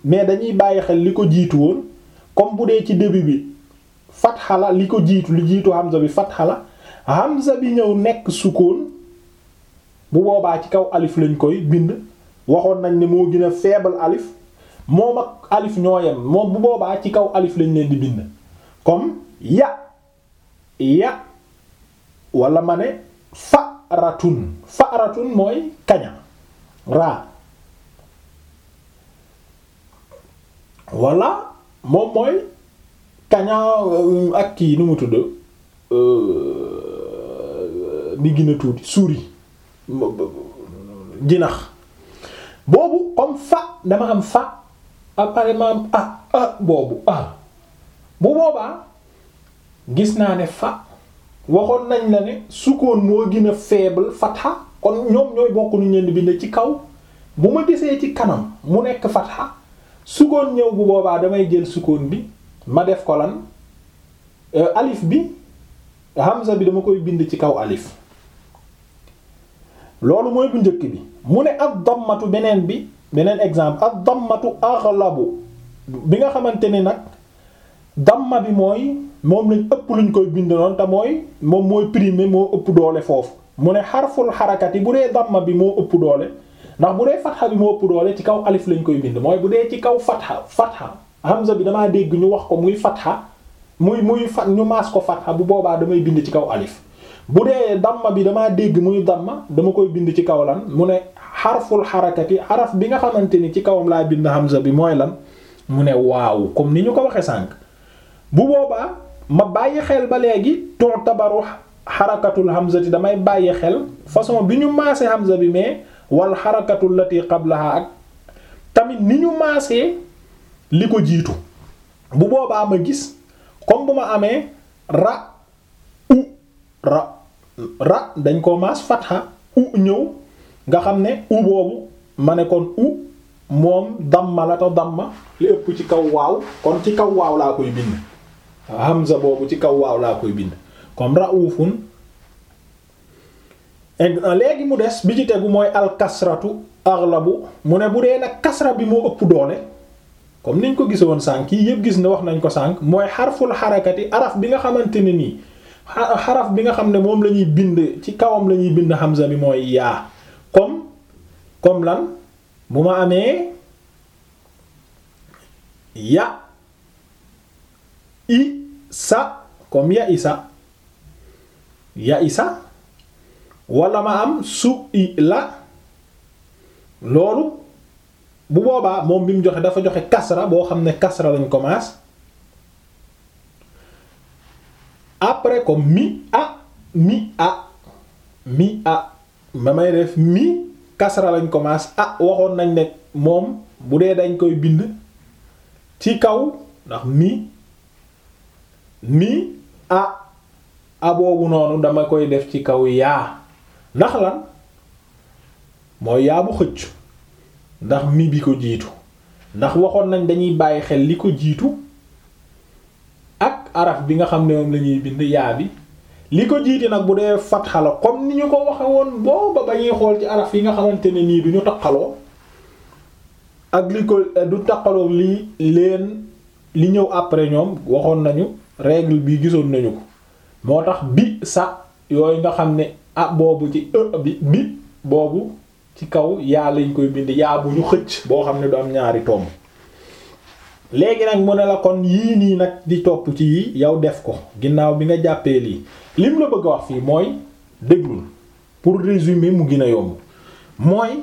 mais dañuy bàyyi xel li ko jiitu woon comme bu dee ci début bi fatxa la li ko jiitu li jiitu hamza bi fatxa la hamza bi ñëw nekk sukkoon bu boobaa ci kaw alif lañ koy bind waxoon nañ ne moo gën a faible alif moom ak alif ñoo yem moom bu boobaa ci kaw alif lañ leen di bind comme ya ya wala ma ne faratun faratun mooy kaña raa wala moom mooy kaña euh, ak kii nu mu tudd bi euh, gën a tuuti souris jinax boobu comme fa dama am fa apparemment am ah ah boobu bu boobaa gis naa ne fa waxoon nañ la ne sukkoon moo gën a faible fatha kon ñoom ñooy bokku ñu leen bind ci kaw bu ma gisee ci kanam mu nekk fatha sukkoon ñëw bu boobaa damay jël sukkoon bi ma def ko lan euh, alif bi hamza bi dama koy bind ci kaw alif loolu mooy bu njëkk bi mu ne ad-dammatu beneen bi beneen exemple ad-dammatu aghlabu bi nga xamante ni nag damma bi mooy moom lañ ëpp luñ koy bind noonu te mooy moom mooy primé moo ëpp doole foofu mu ne xarful xarakat yi bu dee damma bi moo ëpp doole ndax bu dee fatxa bi moo ëpp doole ci kaw alif lañ koy bind mooy bu dee ci kaw fatxa fatxa hamza bi damaa dégg ñu wax ko muy fatxa muy muy fat ñu maas ko fatxa bu boobaa damay bind ci kaw alif bu dee damma bi damaa dégg muy damma dama koy bind ci kaw lan mu ne xarful xarakat yi xaraf bi nga xamante ni ci kawam laa bind hamza bi mooy lan mu ne waaw comme ni ñu ko waxee sànq bu boobaa ma bàyyi xel ba léegi ton tabaru xarakatul hamzati damay bàyyi xel façon bi ñu maasee hamza bi mais wal xarakatul lati qablaha ak tamit ni ñu maasee li ko jiitu bu boobaa ma gis comme bu ma amee ra u ra ra dañ ko maas fatha u ñëw nga xam ne u boobu ma ne kon u moom damma la te damma li ëpp ci kaw waaw kon ci kaw waaw laa koy bind hamza boobu ci kaw waaw laa koy bind comme raufun léegi mu des bi ci tegu mooy alkasratu aghlabu mu ne bu dee nag kasra bi moo ëpp doole comme niñ ko woon sànk yii yëpp gis ne wax nañ ko sànq mooy xarful xarakati araf bi nga xamante ne nii xaraf bi nga xam ne moom lañuy bind ci kawam la ñuy bind hamza bi mooy yaa comme comme lan bu ma amee ya i sa comme ya isa ya isa wala ma am su i la loolu bu boobaa moom bi mu joxe dafa joxe kasra boo xam ne kasra lañ commence après comme mi a mi a mi a ma may def mi kasra lañ commence ah waxoon nañ ne moom bu dee dañ koy bind ci kaw ndax mi nii a a noonu dama koy def ci kaw yaa ndax la mooy yaa bu xëcc ndax mi bi ko jiitu ndax waxoon nañ dañuy bàyyi xel li ko jiitu ak araf bi nga xam ne moom lañuy bind yaa bi li ko jiiti nag bu dee fatxa la comme ni ñu ko waxewoon woon booba ba ñuy xool ci araf yi nga xamante ne nii du taqaloo ak li ko du taqaloo lii leen li ñëw après ñoom waxoon nañu règle bi gisoon nañu ko moo tax bi sa yooyu nga xam ne ah boobu ci ë e, bi bi boobu ci kaw yaa lañ koy bind yaa bu ñu xëcc boo xam ne du am ñaari tomb léegi nag mu ne la kon yii nii nag di topp ci yii yow def ko ginnaaw bi nga jàppee lii lim la bëgg a wax fii mooy déglul pour résumer mu gina a yomb mooy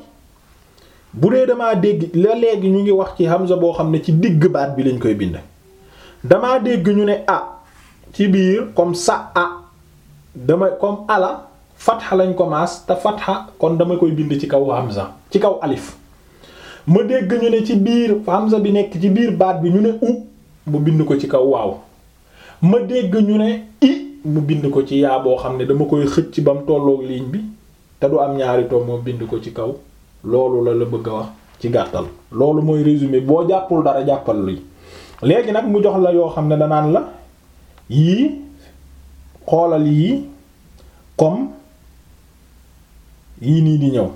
bu dee damaa dégg la léegi ñu ngi wax ci hamza boo xam ne ci digg baat bi lañ koy bind dama dégg ñu ne a ci biir comme sa a dama comme ala fatxa lañ ko maas te fatxa kon dama koy bind ci kaw hamza ci kaw alif ma dégg ñu ne ci biir hamza bi nekk ci biir baat bi ñu ne u mu bind ko ci kaw waaw ma dégg ñu ne i mu bind ko ci yaa boo xam ne dama koy xëcc ba mu tolloog ligne bi te du am ñaari tom moo bind ko ci kaw loolu la la bëgg a wax ci gàttal loolu mooy résumé boo jàppul dara jàppal luy léegi nag mu jox la yoo xam ne danaan la yii xoolal yii comme yii nii di ñëw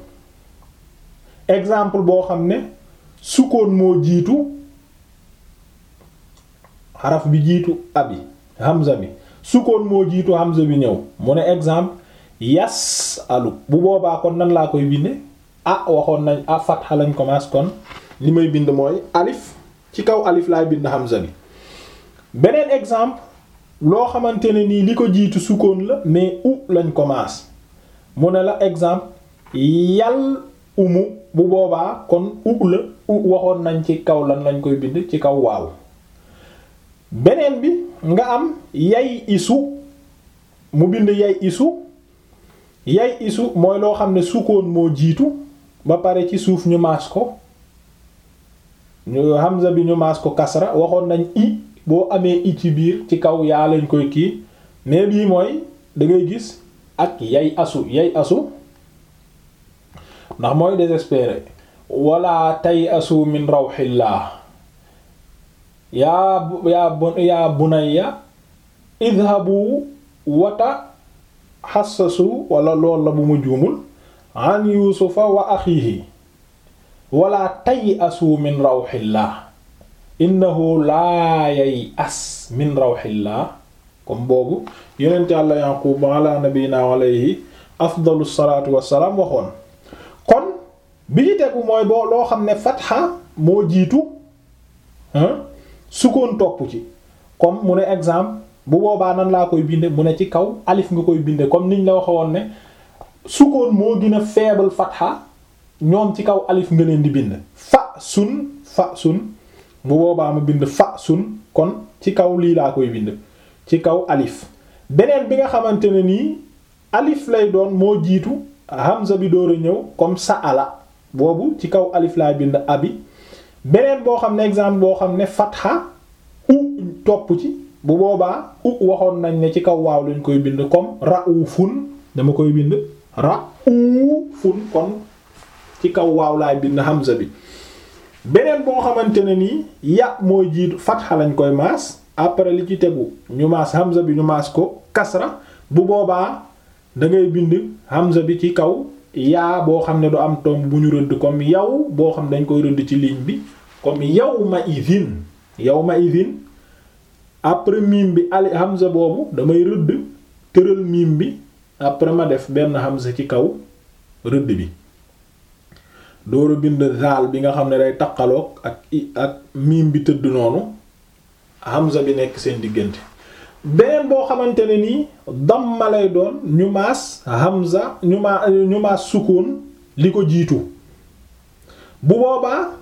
exemple boo xam ne sukkoon moo jiitu xaraf bi jiitu abi hamza bi sukkoon moo jiitu hamza bi ñëw mu ne exemple yas alu bu boobaa kon nan laa koy binde a ah, waxoon nañ a ah, fatha lañ commence kon li may bind mooy alif ci kaw alif laay bind hamza bi beneen exemple loo xamante ne nii li ko jiitu sukkoon la mais u lañ commence mu ne la exemple yal umu bu boobaa kon u la u waxoon nañ ci kaw lan lañ koy bind ci kaw waaw beneen bi nga am yay isu mu bind yay isu yay isu mooy loo xam ne sukkoon moo jiitu ba pare ci suuf ñu maas ko ñu hamza bi ñu maas ko kasra waxoon nañ i boo amee i ci biir ci kaw yaa lañ koy kii mais bii mooy dangay gis ak yay asu yay asu ndax mooy désespéré wala tay asu min rawxillah yaa yaa yaa bunayya idhabu wata xasasu wala lool la bu mu juumul an yusufa wa axiihi wala tay'asu min rawxillah innahu laa yay'as min rawxillah comme boobu yonent yàlla yaqub ala nabina alayhi afdalu salaatu wassalaam waxoon kon bi ci tegu mooy boo loo xam ne fatxa moo jiitu sukkoon topp ci comme mu ne exemple bu boobaa nan laa koy binde mu ne ci kaw alif nga koy binde comme niñ la waxe woon ne sukkoon moo gën a faible fatxa ñoom ci kaw alif nga leen di bind fa sun fa sun bu boobaa ma bind fa sun kon ci kaw lii laa koy bind ci kaw alif beneen bi nga xamante ne nii alif lay doon moo jiitu hamza bi door ñëw comme sa ala boobu ci kaw alif laay bind abi beneen boo xam ne exemple boo xam ne fatxa u topp ci bu boobaa u waxoon nañ ne ci kaw waaw lañ koy bind comme ra'ufun dama koy bind ra'ufun kon ci kaw waaw laay bind hamza bi beneen boo xamante ne nii ya mooy jiitu fatxa lañ koy maas après li ci tegu ñu maas hamza bi ñu maas ko kasra bu boobaa dangay bind hamza bi ci kaw yaa boo xam ne du am tomb bu ñu rëdd comme yow boo xam ne dañ koy rëdd ci ligne bi comme yawma idhin yawma idhin après miim bi ali hamza boobu damay rëdd tëral miim bi après ma def benn hamza ci kaw rëdd bi door bind zaal bi nga xam ne day taqaloog ak i miim bi tëdd noonu hamza bi nekk seen diggante beneen boo xamante ne nii damma lay doon ñu maas hamza ñu ma maas sukkoon li ko jiitu bu boobaa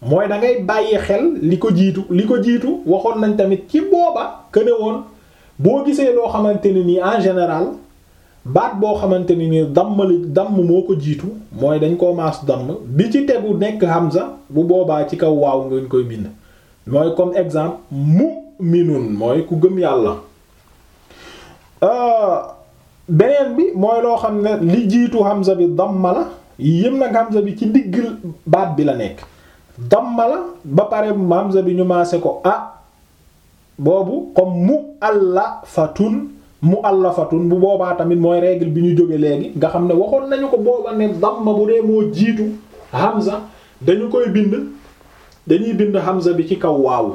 mooy dangay ngay bàyyi xel li ko jiitu li ko jiitu waxoon nañ tamit ci booba këne woon boo gisee loo xamante ne nii en général baat boo xamante ni nii damm moo ko jiitu mooy dañ koo maas damm bi ci tegu nekk hamza bu boobaa ci kaw waaw ngañ koy bind mooy comme exemple mu'minun mooy ku gëm yàlla euh, beneen bi mooy loo xam ne li jiitu hamza bi damma la yëm nag hamza bi ci ndigg baat bi la nekk damma la ba pare hamza bi ñu maase ko a ah, boobu comme mu'allafatun mu muallafatun bu boobaa tamit mooy règle bi ñu jógee léegi nga xam ne waxoon nañu ko booba ne damma bu dee moo jiitu hamza dañu koy bind dañuy bind hamza bi ci kaw waawu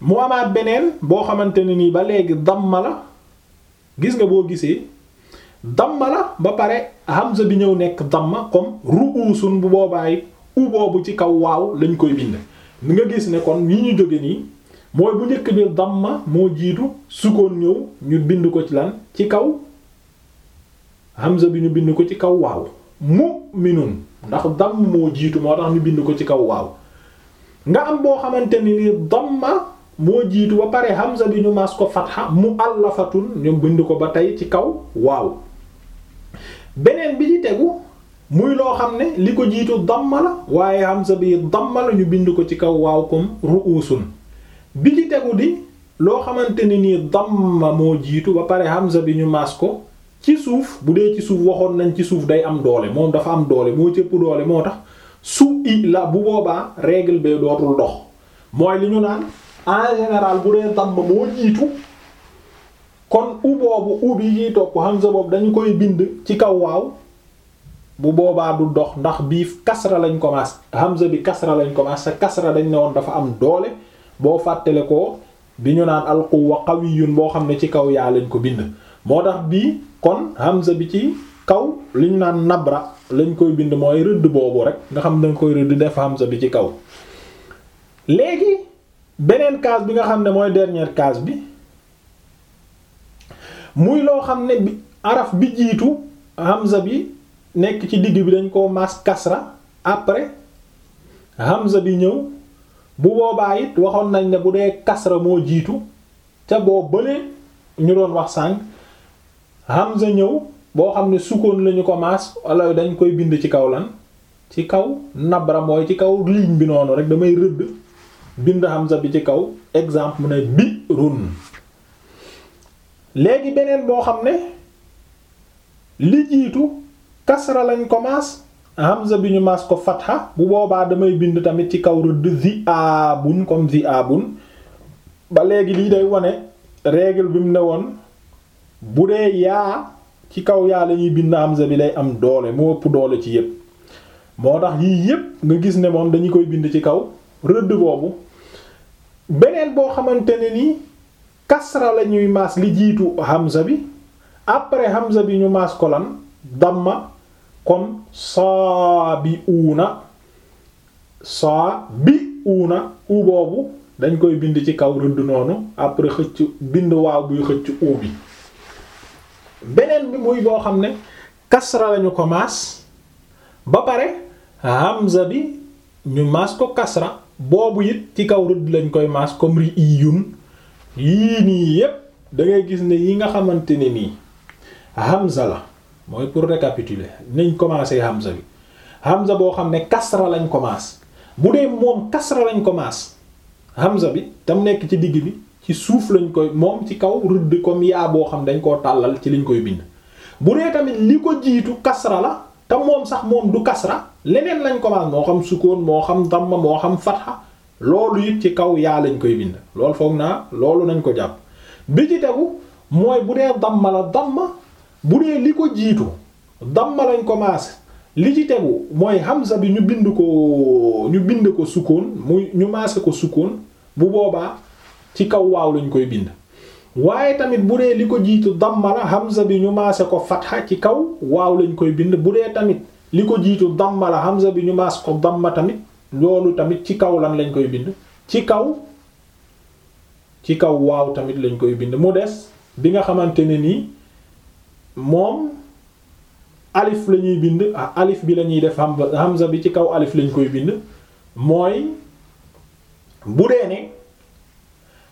mu amaat beneen boo xamante ne nii ba léegi damma la gis nga boo gisee damma la ba pare hamza bi ñëw nekk damma comme ru'usun bu boobaay u boobu ci kaw waaw lañ koy bind nga gis ne kon yi ñu jóge nii mooy bu njëkk bi damma moo jiitu sukkoon ñëw ñu bind ko ci lan ci kaw hamza bi ñu bind ko ci kaw waaw mu'minun ndax damm moo jiitu moo tax ñu bind ko ci kaw waaw nga am boo xamante ni li damma moo jiitu ba pare xamsa bi ñu maas ko fatha mu'allafatun ñu bind ko ba tey ci kaw waaw beneen bi ci tegu muy loo xam ne li ko jiitu damma la waaye hamza bi damma la ñu bind ko ci kaw waaw comme ru'usun bi ci tegu di loo xamante ni nii damma moo jiitu ba pare hamza bi ñu maas ko ci suuf bu dee ci suuf waxoon nañ ci suuf day am doole moom dafa am doole moo cëpp doole moo tax su i la bu boobaa règle bee dootul dox mooy li ñu naan en général bu dee damma moo jiitu kon u boobu u bi jiy topp hamza boobu dañu koy bind ci kaw waaw bu boobaa du dox ndax bii kasra lañ commencé hamza bi kasra lañ commencé kasra dañ ne woon dafa am doole boo fàttalee ko bi ñu naan alquwa qawiyyun boo xam ne ci kaw yaa lañ ko bind moo tax bii kon hamza bi ci kaw li ñu naan nabra lañ koy bind mooy rëdd boobu rek nga xam danga koy rëdd def hamza bi ci kaw léegi beneen kaas bi nga xam ne mooy dernière kaas bi muy loo xam ne bi araf bi jiitu hamza bi nekk ci digg bi dañ ko mas kasra après hamza bi ñëw bu boobaa it waxoon nañ ne bu dee kasra moo jiitu ca boo bële ñu doon wax sànq hamza ñëw boo xam ne sukkoon lañu ko maas walla dañ koy bind ci kaw lan ci kaw nabra ci kaw ligne bi noonu rek damay rëdd bind hamza bi ci kaw exemple mu ne bi run léegi beneen boo xam ne li jiitu kasra lañ ko hamza bi ñu maas ko fatha bu boobaa damay bind tamit ci kaw rëdd zi abun comme zi abun ba léegi lii day wone règle bi mu ne woon bu dee yaa ci kaw yaa lañuy ñuy bind hamza bi lay am doole moo ëpp doole ci yépp moo tax yii yépp nga gis ne moom dañu koy bind ci kaw rëdd boobu beneen boo xamante ne nii kasra la ñuy maas li jiitu hamza bi après xamsa bi ñu maas ko lan damma comme saabiuuna saabiuuna u boobu dañ koy bind ci kaw rëdd noonu après xëcc bind waaw buy xëcc u bi beneen bi muy boo xam ne kasra lañu ko maas ba pare hamza bi ñu maas ko kasra boobu it ci kaw rëdd lañ koy maas comme ri iyun yii nii yépp da gis ne yi nga xamante ne nii hamza la mooy pour récapituler niñ commencé Hamza bi Hamza boo xam ne kasra lañ commence bu dee moom kasra lañ commence Hamza bi tam nekk ci digg bi ci suuf lañ koy moom ci kaw rëdd comme yaa boo xam dañ koo tàllal ci liñ koy bind bu dee tamit li ko jiitu kasra la te moom sax moom du kasra leneen lañ commence moo xam sukkoon moo xam damma moo xam fatha loolu it ci kaw yaa lañ koy bind loolu foog naa loolu nañ ko jàpp bi ci tegu mooy bu dee dam damma la damma bu dee li ko jiitu damma lañ li ci tegu mooy hamza bi ñu bind ko ñu bind ko sukkoon muy ñu maase ko sukkoon bu boobaa ci kaw lañ koy bind waaye tamit bu dee li ko jiitu damma la hamza bi ñu maase ko fatha ci kaw waaw lañ koy bind bu dee tamit li ko jiitu damma la bi ñu maas ko damma tamit loolu tamit ci kaw lan lañ koy bind ci kaw ci kaw waaw tamit lañ koy bind mu des bi nga xamante ne nii moom alif lañuy bind ah, alif bi la ñuy def hamza hamza bi ci kaw alif lañ koy bind mooy bu dee ne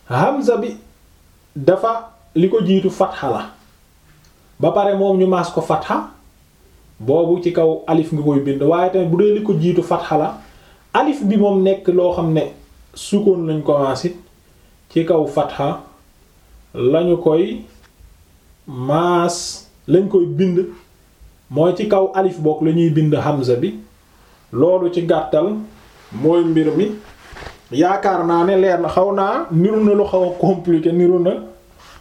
hamza bi dafa li ko jiitu fatxa la ba pare moom ñu maas ko fatxa boobu ci kaw alif nga koy bind waaye tamit bu dee li ko jiitu fatxa la alif bi moom nekk loo xam ne sukkoon lañ ko ci kaw fatxa lañu koy maas lañ koy bind mooy ci kaw alif bokk la ñuy bind hamza bi loolu ci gàttal mooy mbir mi yaakaar naa ne leer na xaw naa niru na lu xaw a compliqué niru na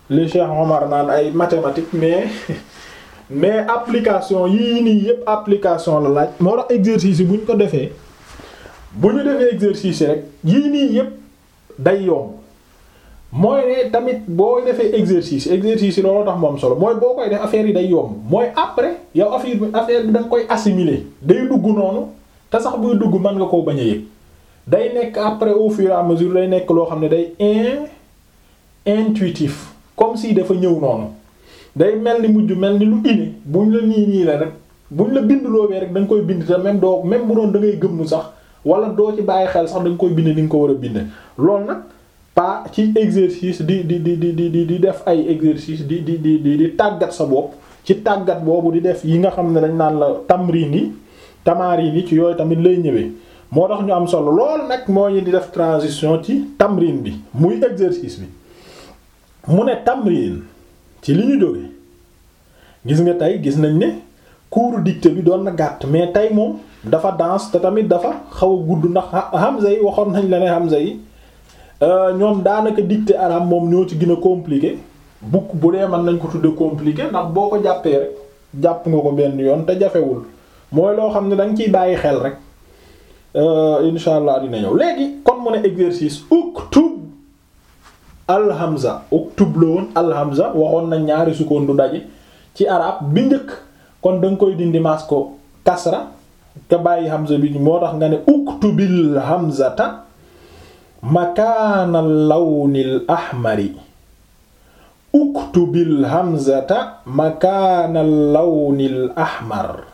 li Cheikh Omar naan ay mathématiques mais mais application yii nii yépp application la laaj moo tax exercice yi bu ñu ko defee bu ñu defee exercice rek yii nii yépp day yomb mooy ne tamit boo defee exercice exercice yi looloo tax moom solo mooy boo koy def affaire yi day yomb mooy après yow affaire bi affaire bi da koy assimiler day dugg noonu te sax buy dugg man nga koo bañ a yëg day nekk après au fur et à mesure day nekk loo xam ne day in intuitif comme si dafa ñëw noonu day mel ni mujj mel ni lu ine buñ la nii nii la rek buñ la bind loobee rek da koy bind te même doo même bu doon da ngay gëmm sax wala doo ci bàyyi xel sax da nga koy bind ni ko war a bind loolu nag. pas ci exercice di di di di def ay exercice di di di di di tàggat sa bopp ci tàggat boobu di def yi nga xam ne dañ naan la tamrin yi tamarin yi ci yooyu tamit lay ñëwee moo tax ñu am solo loolu nag moo ñu di def transition ci tamrin bi muy exercice bi mu ne tamrin ci li ñu jóge gis nga tey gis nañ ne cours dictée bi doon na gàtt mais tey moom dafa danse te tamit dafa xaw a gudd ndax hamza yi waxoon nañ la ne hamza yi Euh, ñoom daanaka dictée arabe moom ñoo ci gën a compliqué bukk bu dee mën nañ ko tudde compliqué ndax boo ko jàppee jàpp nga ko benn yoon te jafewul mooy loo xam ne da ciy bàyyi xel rek euh, insha allah dina ñëw léegi kon mu ne exercice uktub alhamza uktub la woon alhamza waxoon nañ ñaari sukkoon du daje ci arab bi njëkk kon da koy dindi mas ko kasra te bàyyi hamza bi moo tax nga ne uktubil hamzata makaana lawnil ahmari uktubil hamzata makaana lawnil ahmar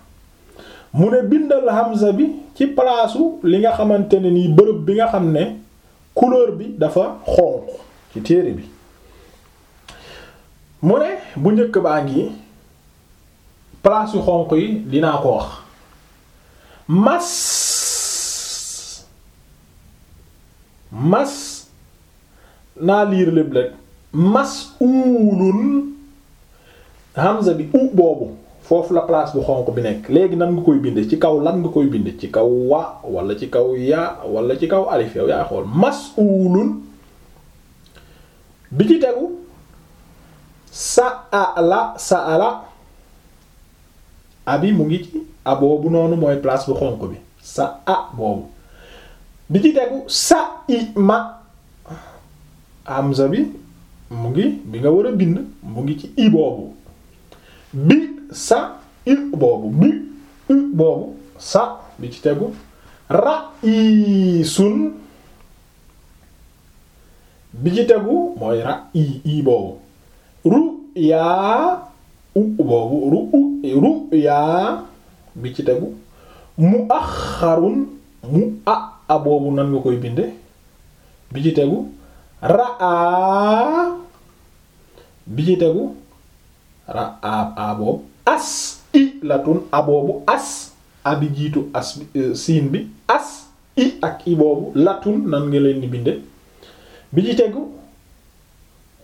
mu ne bindal hamza bi ci palaasu li nga xamante ne nii bërëb bi nga xam ne couleur bi dafa xonq ci téere bi mu ne bu njëkk baa ngi palaasu xonq yi dinaa ko wax mas mas naa liir lépp rek mas'ulun hamza bi u boobu foofu la place bu xonq bi nekk léegi nag nga koy binde ci kaw lan nga koy binde ci kaw wa wala ci kaw yaa wala ci kaw alif yow yaay xool mas'ulun bi ci tegu sa'ala sa'ala abi mu ngi ci a boobu noonu mooy place bu xonq bi sa a boobu bi ci tegu sa i ma hamza mu ngi bi nga war a bind mu ngi ci i boobu bi sa i boobu bi i boobu sa bi ci tegu ra bi ci tegu mooy ra i i boobu ru yaa u boobu ru yaa bi ci tegu mu axarun mu a a boobu nan nga koy binde bi ci tegu raa bi ci tegu ra a boobu as i la tun as a jiitu as bi euh, siin bi as i ak i boobu nan nga leen di binde bi ci tegu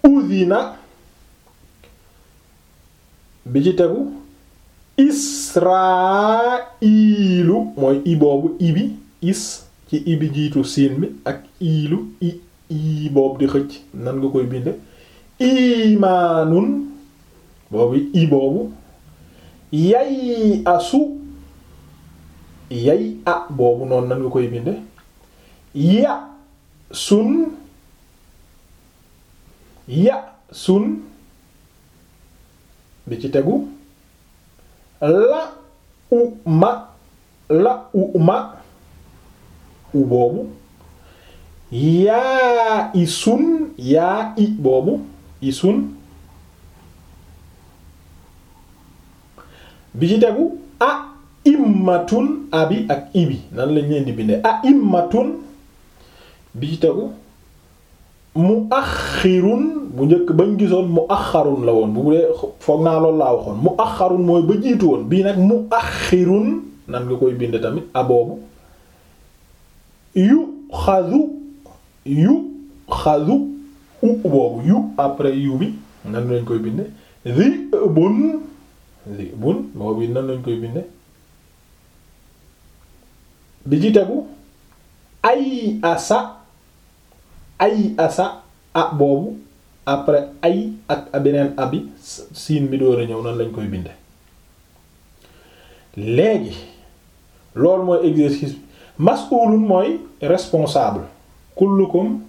uzina bi ci tegu israilu mooy i boobu is ci i bi jiitu siin bi ak iilu i boobu di xëcc nan nga koy binde imaanun boobu i boobu yay asu yay a boobu noonu nan nga koy binde ya sun ya sun bi ci tegu la u ma la u ma u boobu yaa isun yaa i boobu isun bi ci tegu a immatun abi ak ibi nan lañ leen di bindee a immatun bi ci tegu mu axirun bu njëkk bañ gisoon mu axarun la woon bu dee foog naa loolu laa waxoon mu axarun mooy ba jiitu woon bii nag mu axirun nan nga koy bind tamit a boobu yu xazu yu xazu u boobu yu après yu bi nan lañ koy binde ri bun ri bun boobu nan lañ koy binde bi ci tegu ay asa ay asa a boobu après ay ak beneen abi siin bi door a ñëw nan lañ koy binde léegi loolu mooy exercice mas'ulun mooy responsable kullukum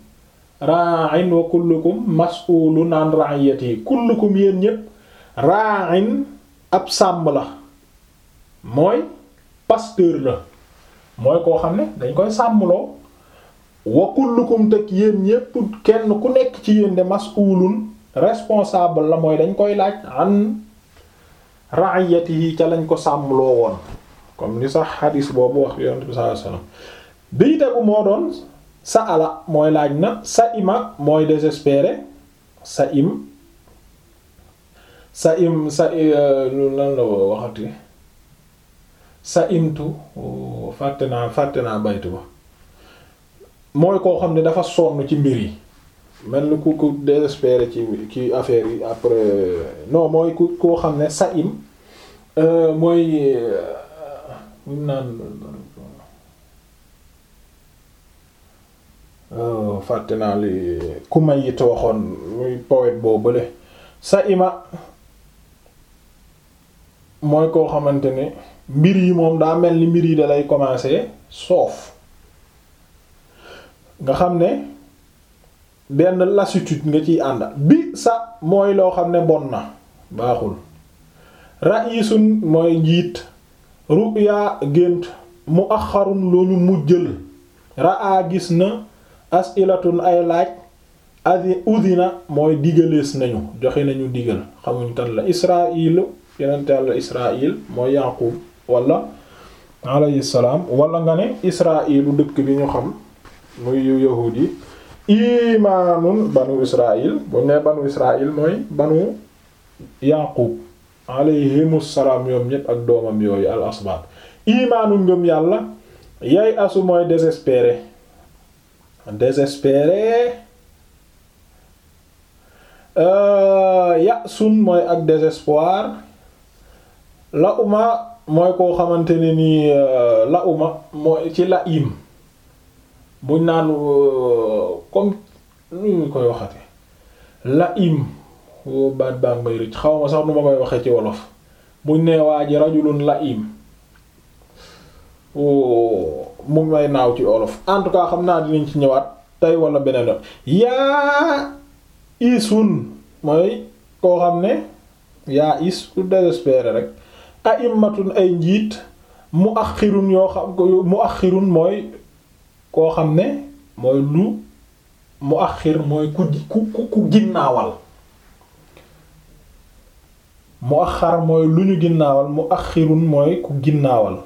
ra'in wa kullukum mas'ulun an ra'iyati kullukum yéen ñépp ra'in ab sàmm la mooy pasteur la mooy koo xam ne dañ koy sàmmloo wa kullukum teg yéen ñépp kenn ku nekk ci yéen de mas'ulun responsable la mooy dañ koy laaj an yi ca lañ ko sàmmloo woon comme ni sax xadis boobu wax yonent bi sallallahu alayhi wasallam bii tegu moo doon sa ala mooy laaj na sa ima mooy désespéré sa im sa im sa lu lan la waxati sa imtu oh, fàtte naa fàtte naa baytu ba mooy koo xam ne dafa sonn ci mbir yi mel ni ku ku désespéré ci ci affaire yi après non mooy ku koo xam ne sa im euh, mooy euh, buñ naan oh, fàtte naa li ku may it waxoon muy poète boo bële sa ima mooy koo xamante ne mbir yi moom daa mel ni mbir yi dalay commencer soof nga xam ne benn lassitude nga ci ànd bi sa mooy loo xam ne bon na baaxul ra'isun mooy njiit ru'ya gént mu'axxarun lu ñu mujjël ra'a gis na as'ilatun ay laaj adi udina mooy digalees nañu joxe nañu digal xamuñ tan la israil yeneen la israil mooy yaqub wala alayhi salaam wala nga ne israilu dëkk bi ñu xam muy yu yahuud yi imaanun bu ne banu israil mooy banu yaqub alayhimussalaam ñoom ñépp ak doomam yooyu al asbaat imaanu ngëm yàlla yay asu mooy désespéré désespéré euh, ya sun mooy ak désespoir la uma mooy koo xamante ne ni euh, la uma mooy ci la im buñ naan euh, comme nu ñu koy waxate la baat baa ngay rëcc xaw ma sax nu ma koy waxee ci wolof buñ nee waa ji rajulun la'im mu may naaw ci wolof en tout xam naa dinañ ci ñëwaat tey wala beneen yoon yaa isun mooy koo xam ne yaa is ku désespéré rek aimmatun ay njiit mu axirun yoo xam mu axirun mooy koo xam ne mooy lu mu axir mooy ku ku ku ginnaawal mu axar mooy lu ñu ginnaawal mu axirun mooy ku ginnaawal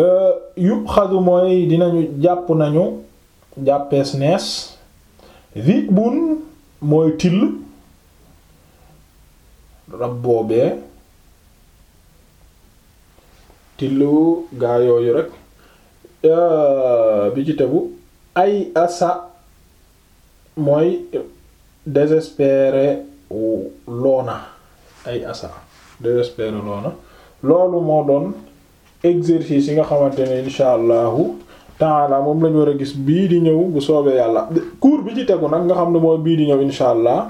euh, yu xadu mooy dinañu jàpp nañu jàppees nees zibun mooy till rab boobee tillu gaa yooyu rek euh, bi ci tegu ay asa mooy désespéré loona ay asa désespéré loona loolu moo doon exercice yi nga xamante ne insha allahu taala moom lañu war a gis bii di ñëw bu soobee yàlla cours bi ci tegu nag nga xam ne moo bii di ñëw insha allah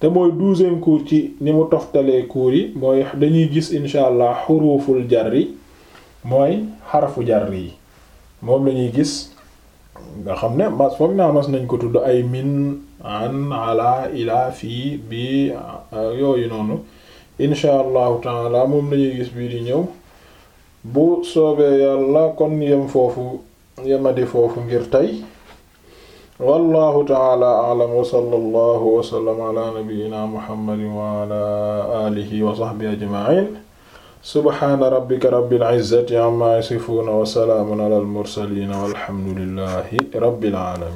te mooy douzième cours ci ni mu toftalee cours yi mooy dañuy gis insha allah xuruful jarri mooy xarafu jarri yi moom lañuy gis nga xam ne mas foog naa mas nañ ko tudd ay min an ala ila fii bi yooyu noonu incha allahu taala moom lañuy gis bii di ñëw bu soobee yàlla kon yem foofu ngir tey wallahu taala a'lam wa sallallahu wa sallam ala nabiyyina muhammadin wa ala wa sahbihi ajma'in subhaana rabbika rabbil izzati amma yasifuuna wa salaamun alal mursaliin walhamdulillahi rabbil aalamiin